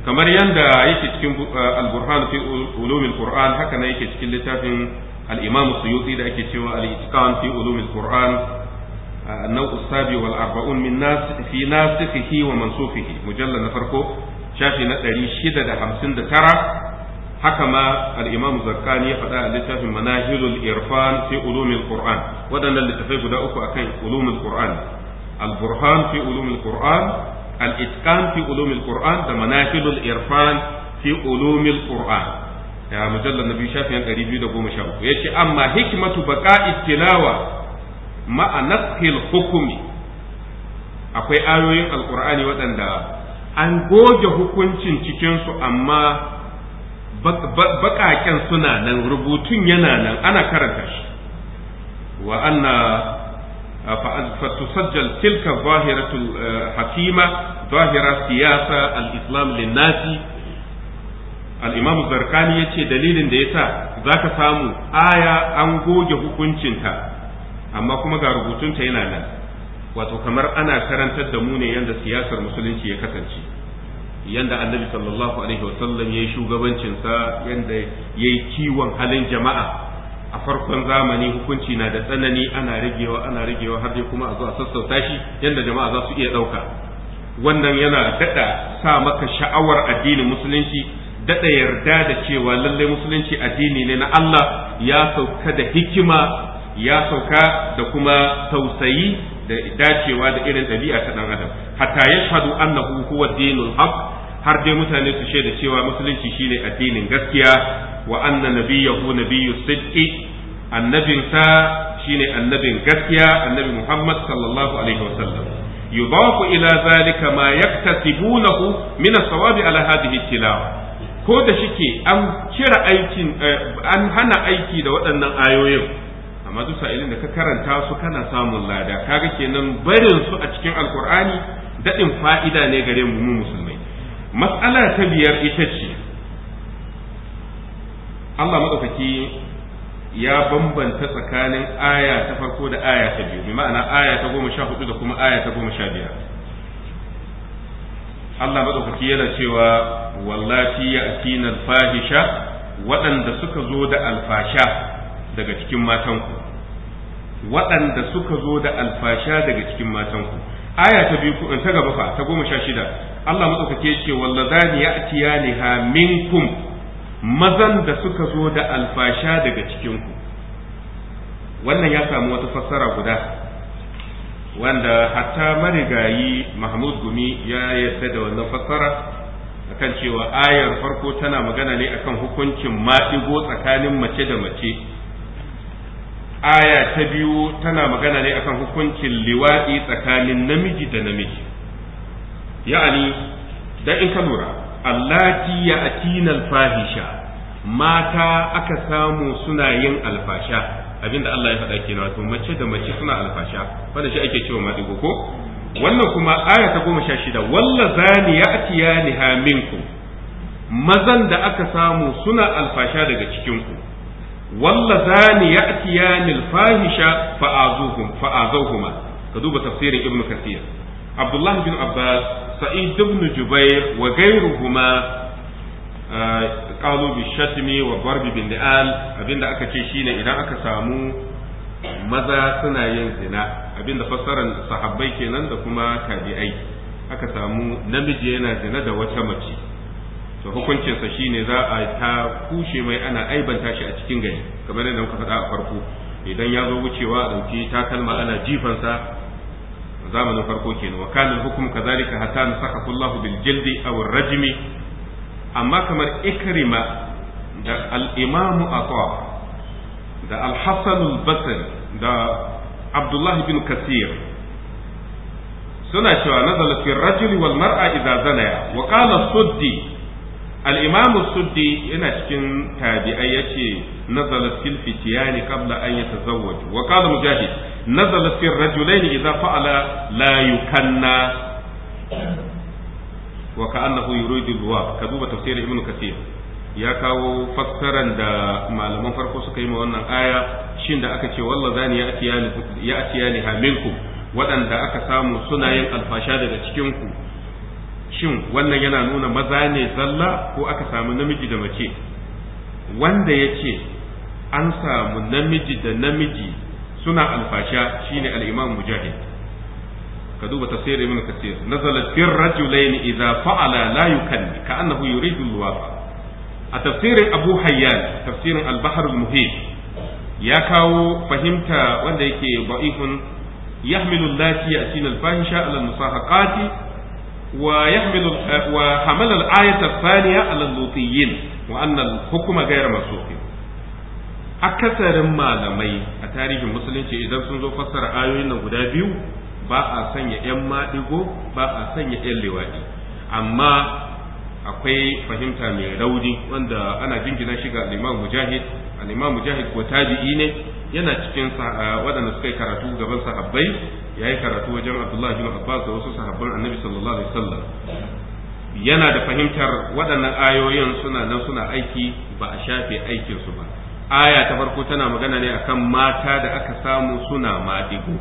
[SPEAKER 2] kamar yanda yake cikin eh, al-Burhan fi ulumil Qur'an haka ne yake cikin littafin al-Imam Suyuti da ake cewa al-Itqan fi ulumil Qur'an
[SPEAKER 3] النوع السابع
[SPEAKER 2] والأربعون من ناس في ناسخه ومنسوخه مجلد نفرقه شافي نتري شدة خمسين ترى haka ma al-imam zakkani ya faɗa a littafin manahilul irfan fi ulumil qur'an waɗannan littafai guda uku akan ulumil qur'an al-burhan fi ulumil qur'an al-itqan fi ulumil qur'an da manahilul irfan fi ulumil qur'an ya mujallal nabi shafiyan 213 yace amma hikmatu baqa'i tilawa ma'a nafhil hukumi akwai ayoyin alqur'ani waɗanda an goge hukuncin cikinsu amma baƙaƙen suna nan rubutun yana nan ana karanta shi wa anna fa tusajjal tilka zahiratul eh, hakima zahira siyasa al'islam islam lin-nasi al zarkani yace dalilin da yasa zaka samu aya an goge hukuncinta amma kuma ga rubutunta yana nan wato kamar ana karantar da mu ne yanda siyasar musulunci ya kasance yanda annabi sallallahu alaihi wasallam ya yi shugabancinsa yanda ya yi kiwon halin jama'a a farkon zamani hukunci na da tsanani ana ragewa ana ragewa har dai kuma a zo a sassauta shi yanda jama'a za su iya ɗauka wannan yana daɗa sa maka sha'awar addinin musulunci daɗa yarda da cewa lallai musulunci addini ne na Allah ya sauka da hikima ya sauka da kuma tausayi da dacewa da irin ɗabi'a ta ɗan adam hatta yashhadu annahu huwa dinul haqq har dai mutane su shaida cewa musulunci shine addinin gaskiya wa anna nabiyahu nabiyyu sidqi annabinsa shine annabin gaskiya annabi Muhammad sallallahu alaihi wasallam yudafu ila zalika ma yaktasibunahu min as-sawabi ala hadhihi tilawa ko da shike an kira aikin eh, an hana aiki da waɗannan ayoyin amma duk sa'ilin da ka karanta su kana samun lada kaga kenan barin su a cikin alqur'ani dadin fa'ida ne gare mu mu musulmai matsala ta biyar ita ce Allah maɗaukaki ya bambanta tsakanin aya ta farko da aya ta biyu ma'ana aya ta goma sha hudu da kuma aya ta goma sha biyar Allah maɗaukaki yana cewa wallafi ya atina fahisha waɗanda suka zo da alfasha daga cikin matanku waɗanda suka zo da alfasha daga cikin matanku aya ta biyu eh, ta gaba fa ta goma sha shida Allah maɗaukake ce ni ha minkum mazan da suka zo da alfasha daga cikinku wannan ya samu wata fassara guda wanda hatta marigayi Mahmud Gumi ya yarda da wannan fassara akan cewa ayar farko tana magana ne akan hukuncin maɗigo tsakanin mace da mace aya ta biyu tana magana ne akan hukuncin liwaɗi tsakanin namiji da namiji ya'ani da in ka lura allati ya atina alfahisha mata aka samu suna yin alfasha abinda Allah ya faɗa kenan wato mace da mace suna alfasha wanda shi ake cewa maɗigo ko wannan kuma aya ta goma sha shida walla zani ya liha minkum mazan da aka samu suna alfasha daga cikinku wallazani ya'tiyani al-fahisha fa'azuhum fa'azuhuma ka duba tafsirin ibnu kathir abdullah bin abbas sa'id ibn jubair wa ghayruhuma uh, qalu bi shatmi wa Barbi bin al abinda aka ce shine idan aka samu maza suna yin zina abinda fassaran sahabbai kenan da kuma tabi'ai aka samu namiji yana zina da wata mace to hukuncinsa shine za a ta kushe mai ana aibanta shi a cikin gari kamar yadda muka faɗa a farko idan ya zo wucewa a ɗauki takalma ana jifansa zamanin farko kenan wa kana hukum kazalika hatta nasakha Allah bil jildi aw rajmi amma kamar ikrima da al imam ata da al hasan al basri da abdullah bin kasir suna cewa nazala fi rajuli wal mar'a idza zanaya wa qala suddi al-imam as-suddi yana cikin tabi'ai yace nazalat fil fitiyani qabla an yatazawwaj wa qala mujahid nazalat fil rajulain idza fa'ala la yukanna wa ka'annahu yuridu al-wab ka duba tafsir ibn kathir ya kawo fassaran da malaman farko suka yi ma wannan aya shin da aka ce walla zani ya atiyani ya waɗanda aka samu suna yin alfasha daga cikin ku shin wannan yana nuna maza ne zalla ko aka samu namiji da mace wanda ya ce an samu namiji da namiji suna alfasha shine al-imam mujahid ka duba tafsir ibn kathir nazala fi rajulain idza fa'ala la yukalli ka yuridu al-wafa a tafsirin abu hayyan tafsirin al-bahr al-muhit ya kawo fahimta wanda yake ba'ihun yahmilu allati ya'tina al-fahisha ala al-musahaqati ويحمل وحمل الآية الثانية على اللوطيين وأن الحكم غير مسوق akasarin malamai a tarihin musulunci idan sun zo fassara ayoyin da guda biyu ba'a sanya 'yan maɗigo ba'a sanya 'yan lewaɗi amma akwai fahimta mai rauni wanda ana jingina shi ga al'imam mujahid al'imam mujahid ko tabi'i ne yana cikin waɗanda suka yi karatu gaban sahabbai ya yi karatu wajen abdullahi bin abbas da wasu sahabban annabi sallallahu alaihi wasallam yana da fahimtar waɗannan ayoyin suna nan suna aiki ba a shafe aikinsu ba aya ta farko tana magana ne akan mata da aka samu suna maɗigo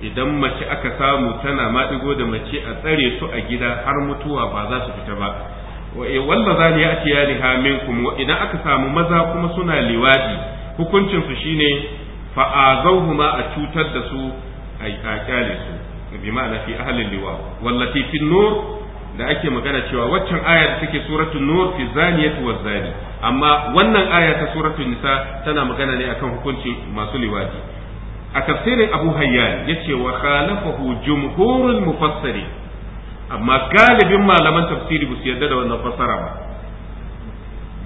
[SPEAKER 2] idan mace aka samu tana maɗigo da mace a tsare su a gida har mutuwa ba za su fita ba eh, walla za ni ya ya liha minkum idan aka samu maza kuma suna liwadi hukuncin su shine fa'azauhuma a cutar da su yi a su bi ma'ana fi ahli liwa wallati fi nur da ake magana cewa waccan ayar take suratul nur fi zaniyati wa zani amma wannan aya ta suratul nisa tana magana ne akan hukunci masu liwadi a tafsirin abu hayyan yace wa khalafahu jumhurul mufassiri amma galibin malaman tafsiri ba su yarda da wannan fassara ba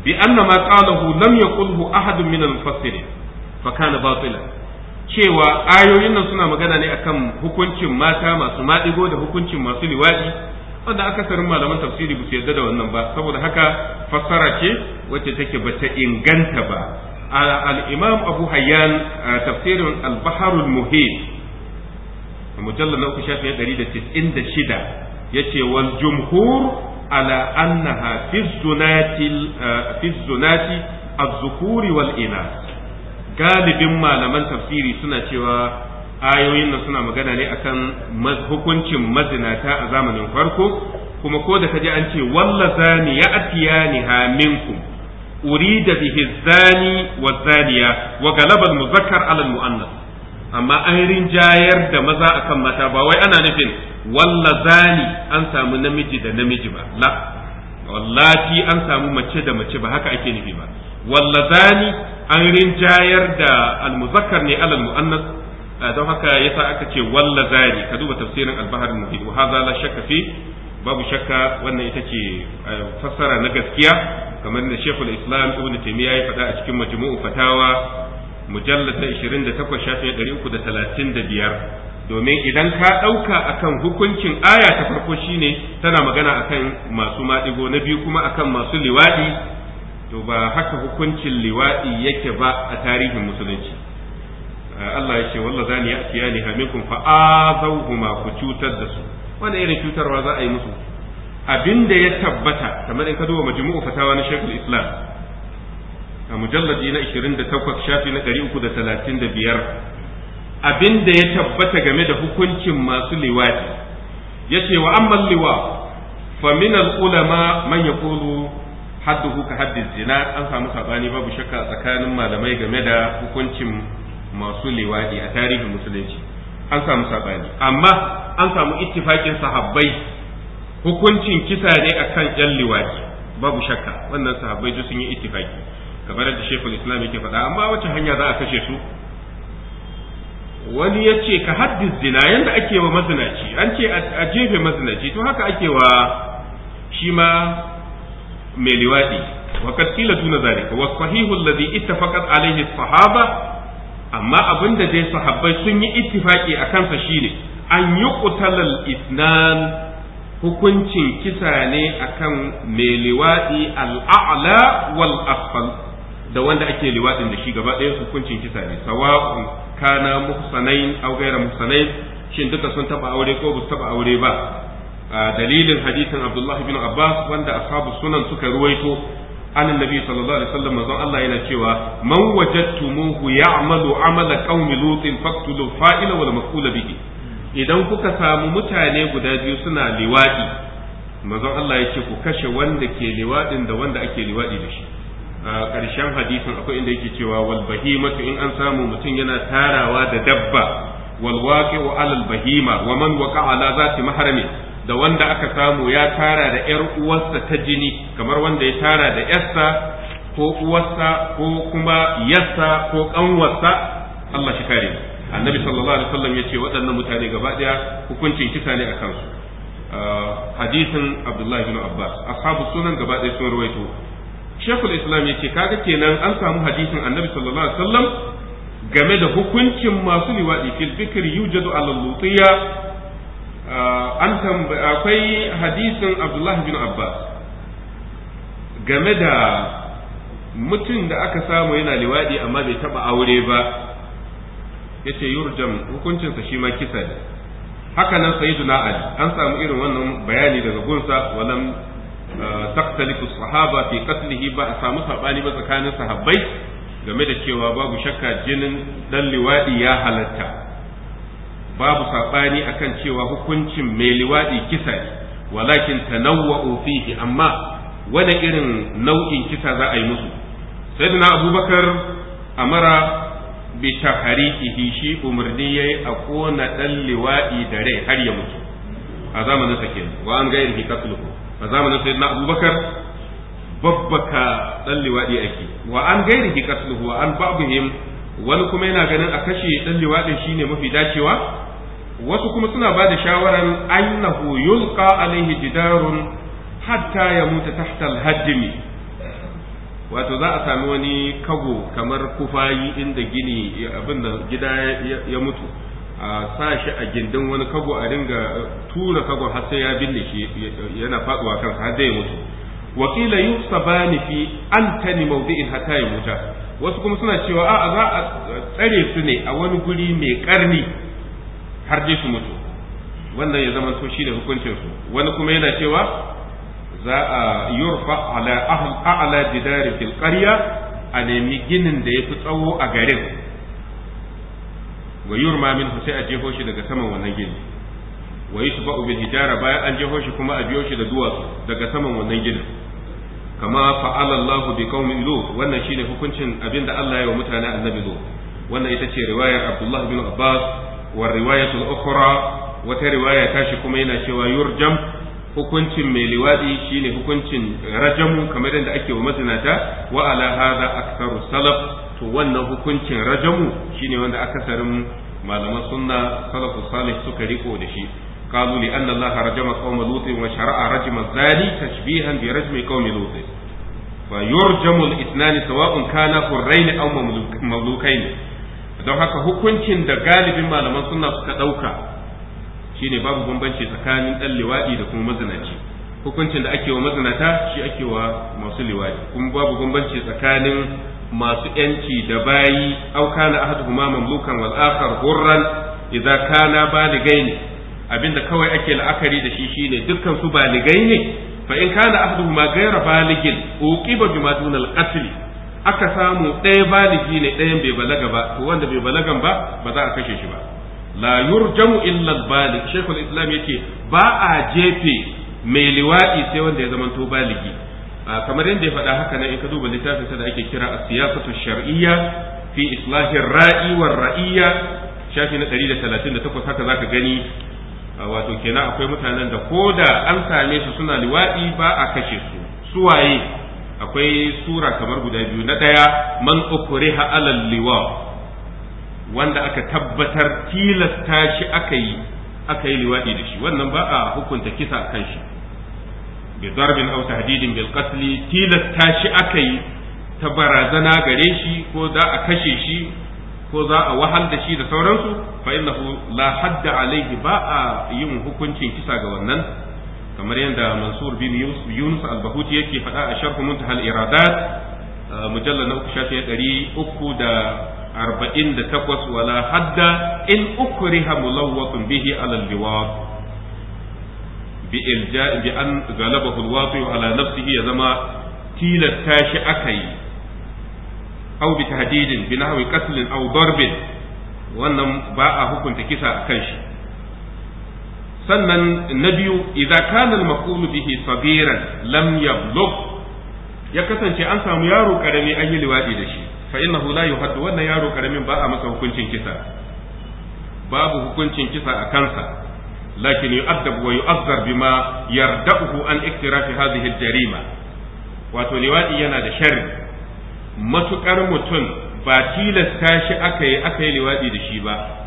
[SPEAKER 2] bi anna ma qalahu lam yaqulhu ahadun min al-mufassirin fa kana batila cewa ayoyin nan suna magana ne akan hukuncin mata masu maɗigo da hukuncin masu liwaɗi wanda akasarin malaman tafsiri ba su yarda da wannan ba saboda haka fassara ce wacce take bata inganta ba al-imam abu hayyan tafsirin al-baharul a mujallar na uku shafi ɗari da tis'in da shida ce wal jumhur ala annaha fi zunati az-zukuri wal inas galibin malaman tafsiri suna cewa ayoyin nan suna magana ne akan hukuncin mazinata a zamanin farko kuma ko da kaji an ce wallazani ya atiya ni ha minkum urida bihi zani wa zaniya wa galabal muzakkar alal muannas amma an rinjayar da maza akan mata ba wai ana nufin wallazani an samu namiji da namiji ba la wallahi an samu mace da mace ba haka ake nufi ba wallazani an rinjayar da almuzakkar ne alal mu'annas eh, don haka yasa aka ce walla zari ka duba tafsirin albahar bahr muhit wa hadha la shakka fi babu shakka wannan ita ce eh, fassara na gaskiya kamar da Sheikhul Islam Ibn Taymiyyah ya faɗa a cikin Majmu'u Fatawa mujallad na 28 shafi 335 domin idan ka ɗauka akan hukuncin aya ta farko shine tana magana akan masu maɗigo na biyu kuma akan masu liwaɗi to ba haka hukuncin liwaɗi yake ba a tarihin musulunci eh, Allah ya ce walla zani ya fiya ni hamikum fa ku cutar da su wanda irin cutarwa za a yi musu abinda ya tabbata kamar in ka duba majmu'u fatawa na Sheikhul Islam a mujalladi na 28 shafi na 335 abinda ya tabbata game da hukuncin masu liwaɗi yace wa amma liwa fa min al ulama man yaqulu hadduhu ka haddin zina an samu sabani babu shakka tsakanin malamai game da hukuncin masu liwadi a tarihin musulunci an samu sabani amma an samu ittifakin sahabbai hukuncin kisa ne akan yan liwadi babu shakka wannan sahabbai duk sun yi ittifaki kamar da shekul islam yake faɗa amma wace hanya za a kashe su wani ya ce ka haddis zina yadda ake wa mazinaci an ce a jefe mazinaci to haka ake wa shi ma mai liwadi wa qad qila duna zalika wa sahihu alladhi ittafaqat alayhi sahaba amma abinda dai sahabbai sun yi ittifaqi a kansa shine an yuqtal al-ithnan hukuncin kisa ne akan mai liwaɗi al-a'la wal asfal da wanda ake liwadin da shi gaba ɗaya hukuncin kisa ne sawa'un kana muhsanain aw ghayra muhsanain shin duka sun taba aure ko ba su taba aure ba dalilin hadisin Abdullah bin Abbas wanda ashabu sunan suka ruwaito an sallallahu alaihi wasallam manzon Allah yana cewa man wajadtumuhu ya'malu amala qaumi lutin faqtulu fa'ila wal maf'ula bihi idan kuka samu mutane guda biyu suna liwadi manzon Allah ya ce ku kashe wanda ke liwadin da wanda ake liwadi da shi karshen hadisin akwai inda yake cewa wal bahimatu in an samu mutum yana tarawa da dabba wal waqi'u alal bahima wa man waqa'a ala zati mahrami da wanda aka samu ya tara da ‘yar uwarsa ta jini kamar wanda ya tara da ‘yarsa ko uwarsa ko kuma yarsa ko ƙanwarsa Allah shi kare annabi sallallahu alaihi wasallam ya ce waɗannan mutane gaba ɗaya hukuncin kisa ne a kansu ah, hadisin abdullahi bin abbas ashabu sunan gaba ɗaya sun ruwaito shekul islam ya ce kaga kenan an samu hadisin annabi sallallahu alaihi wasallam game da hukuncin masu liwaɗi fil fikri yujadu ala lutiya an akwai hadisin abdullah bin abbas game da mutum da aka samu yana liwadi amma bai taba aure ba yace yurjam hukuncinsa shi ma kisa ne haka nan sayyiduna ali an samu irin wannan bayani daga gunsa walam taktalifu sahaba fi qatlihi ba a samu sabani ba tsakanin sahabbai game da cewa babu shakka jinin dan liwadi ya halatta babu saɓani akan cewa hukuncin mai liwaɗi kisa ne walakin tanawwa'u fihi amma wani irin nau'in kisa za a yi musu sayyidina abubakar amara bi tahrihi shi umarni yayi a kona dan liwaɗi da rai har ya mutu a zamanin sa kenan wa an gairi bi katluhu a zamanin sayyidina abubakar babbaka dan liwaɗi ake wa an gairi bi katluhu wa an him wani kuma yana ganin a kashe dan liwaɗin shine mafi dacewa wasu kuma suna ba da shawaran annahu yulqa alaihi jidarun hatta ya mutu tahta alhajmi wato za a sami wani kago kamar kufayi inda gini abin da gida ya mutu a sa shi a gindin wani kago a ringa eh, tura kago har sai ya binne shi yana faduwa kansa har da ya mutu wakila yusabani fi antani mawdi'in hatta ya mutu wasu kuma suna cewa a'a za a tsare su ne a wani guri mai karni har dai su mutu wannan ya zama to shi da hukuncin su wani kuma yana cewa za a yurfa ala a'la jidari fil qarya a nemi ginin da yafi tsawo a garin wa yurma min sai a jeho shi daga saman wannan gini wa yushba'u bil hijara bayan an jeho shi kuma a biyo shi da duwatsu daga saman wannan ginin kama fa'ala Allah bi qaumin lut wannan shine hukuncin abinda Allah ya yi wa mutanen annabi lut wannan ita ce riwayar Abdullah bin Abbas war riwayatul ukhra wata riwaya tashi kuma yana cewa yurjam hukuncin mai liwadi shine hukuncin rajamu kamar yadda ake wa mazinata wa ala hadha aktharu salaf to wannan hukuncin rajamu shine wanda akasarin malaman sunna salafu salih suka riko da shi قالوا لأن الله رجم قوم لوط وشرع رجم الزاني تشبيها برجم قوم لوط فيرجم الاثنان سواء كانا حرين أو مملوكين don haka hukuncin da galibin malaman sunna suka ɗauka shine babu bambanci tsakanin ɗan liwaɗi da kuma mazinaci hukuncin da ake wa mazinata shi ake wa masu liwaɗi kuma babu bambanci tsakanin masu yanci da bayi na kana ahaduhuma mamlukan wal akhar hurran idza kana baligaini abinda kawai ake la'akari da shi shine dukkan su baligai ne fa in kana ahaduhuma ghayra baligin uqiba bima dunal qatl aka samu ɗaya baligi ne ɗayan bai balaga ba to wanda bai balagan ba ba za a kashe shi ba la yurjamu illa balig shaykhul islam yake ba a jefe mai liwa'i sai wanda ya zamanto baligi kamar yadda ya faɗa haka nan in ka duba littafin sa da ake kira as-siyasatu shar'iyya fi islahi ra'i war ra'iyya shafi na 138 haka zaka gani wato kenan akwai mutanen da koda an same su suna liwa'i ba a kashe su su waye. akwai sura kamar guda biyu na ɗaya man ukriha alal liwa wanda aka tabbatar tilasta shi aka yi aka yi liwaɗi da shi wannan ba a hukunta kisa kan shi bi darbin aw tahdidin bil qatl tilasta shi aka yi ta barazana gare shi ko za a kashe shi ko za a wahal da shi da sauransu fa innahu la hadda alaihi ba a yin hukuncin kisa ga wannan kamar yadda mansur bin yunus al-bahuti yake faɗa a sharh muntahal iradat mujallal na uku shafi ɗari uku da arba'in da takwas wala hadda in uku ukriha mulawwatun bihi alal liwat بإلجاء بأن غلبه الواقع على نفسه يزما تيل التاش أكي أو بتهديد بنحو قتل أو ضرب wannan ba a hukunta kisa a kan shi sannan na biyu idza kana al-maqulu bihi sabiran lam yablugh ya kasance an samu yaro karami an yi liwadi da shi fa innahu la yuhaddu wannan yaro karamin ba a masa hukuncin kisa babu hukuncin kisa a kansa lakin yu'addab wa yu'azzar bima yarda'uhu an iktirafi hadhihi al-jarima wato liwadi yana da sharri matukar mutum ba tilasta shi aka yi aka liwadi da shi ba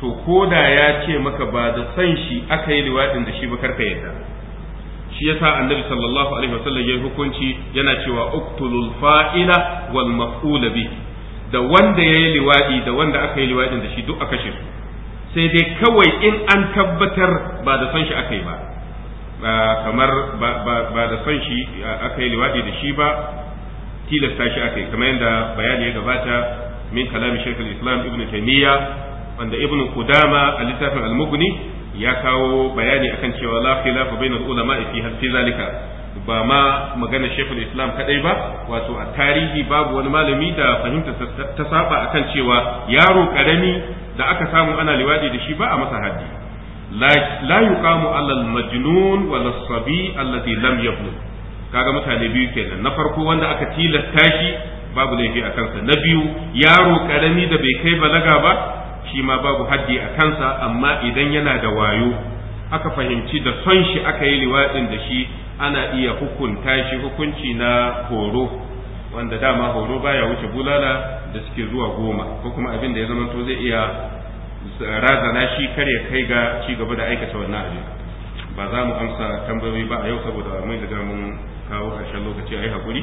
[SPEAKER 2] to ko da ya ce maka ba da san shi aka yi liwaɗin da shi ba karka yadda shi yasa annabi sallallahu alaihi wasallam ya hukunci yana cewa uqtulul fa'ila wal maf'ula bi da wanda yayi liwadi da wanda aka yi liwadin da shi duk aka shi sai dai kawai in an tabbatar ba da san shi aka yi ba kamar ba da san shi aka yi liwadi da shi ba
[SPEAKER 1] tilasta shi aka yi kamar yadda bayani ya gabata min kalamin
[SPEAKER 2] shaykhul islam ibnu taymiyyah wanda ibn kudama a littafin almuguni
[SPEAKER 3] ya kawo bayani akan cewa la khilafa bainal ulama fi hafi zalika ba ma magana
[SPEAKER 2] shekul islam kadai ba wato a tarihi babu wani malami da fahimta ta saba akan cewa yaro karami da aka samu ana liwadi da shi ba a masa haddi la yuqamu alal majnun wal sabi alladhi lam yablu kaga mutane biyu kenan na farko wanda aka tilasta shi babu laifi a kansa na biyu yaro karami da bai kai balaga ba shi ma babu haddi a kansa amma idan yana da wayo aka fahimci da son shi aka yi liwaɗin da shi ana iya hukunta shi hukunci na horo wanda dama horo baya wuce bulala da suke zuwa goma ko kuma abin da ya zama to zai iya razana shi kar ya kai ga ci gaba da aikata wannan abin ba za mu amsa tambayoyi ba a yau saboda mai da mun kawo ƙarshen lokaci a yi hakuri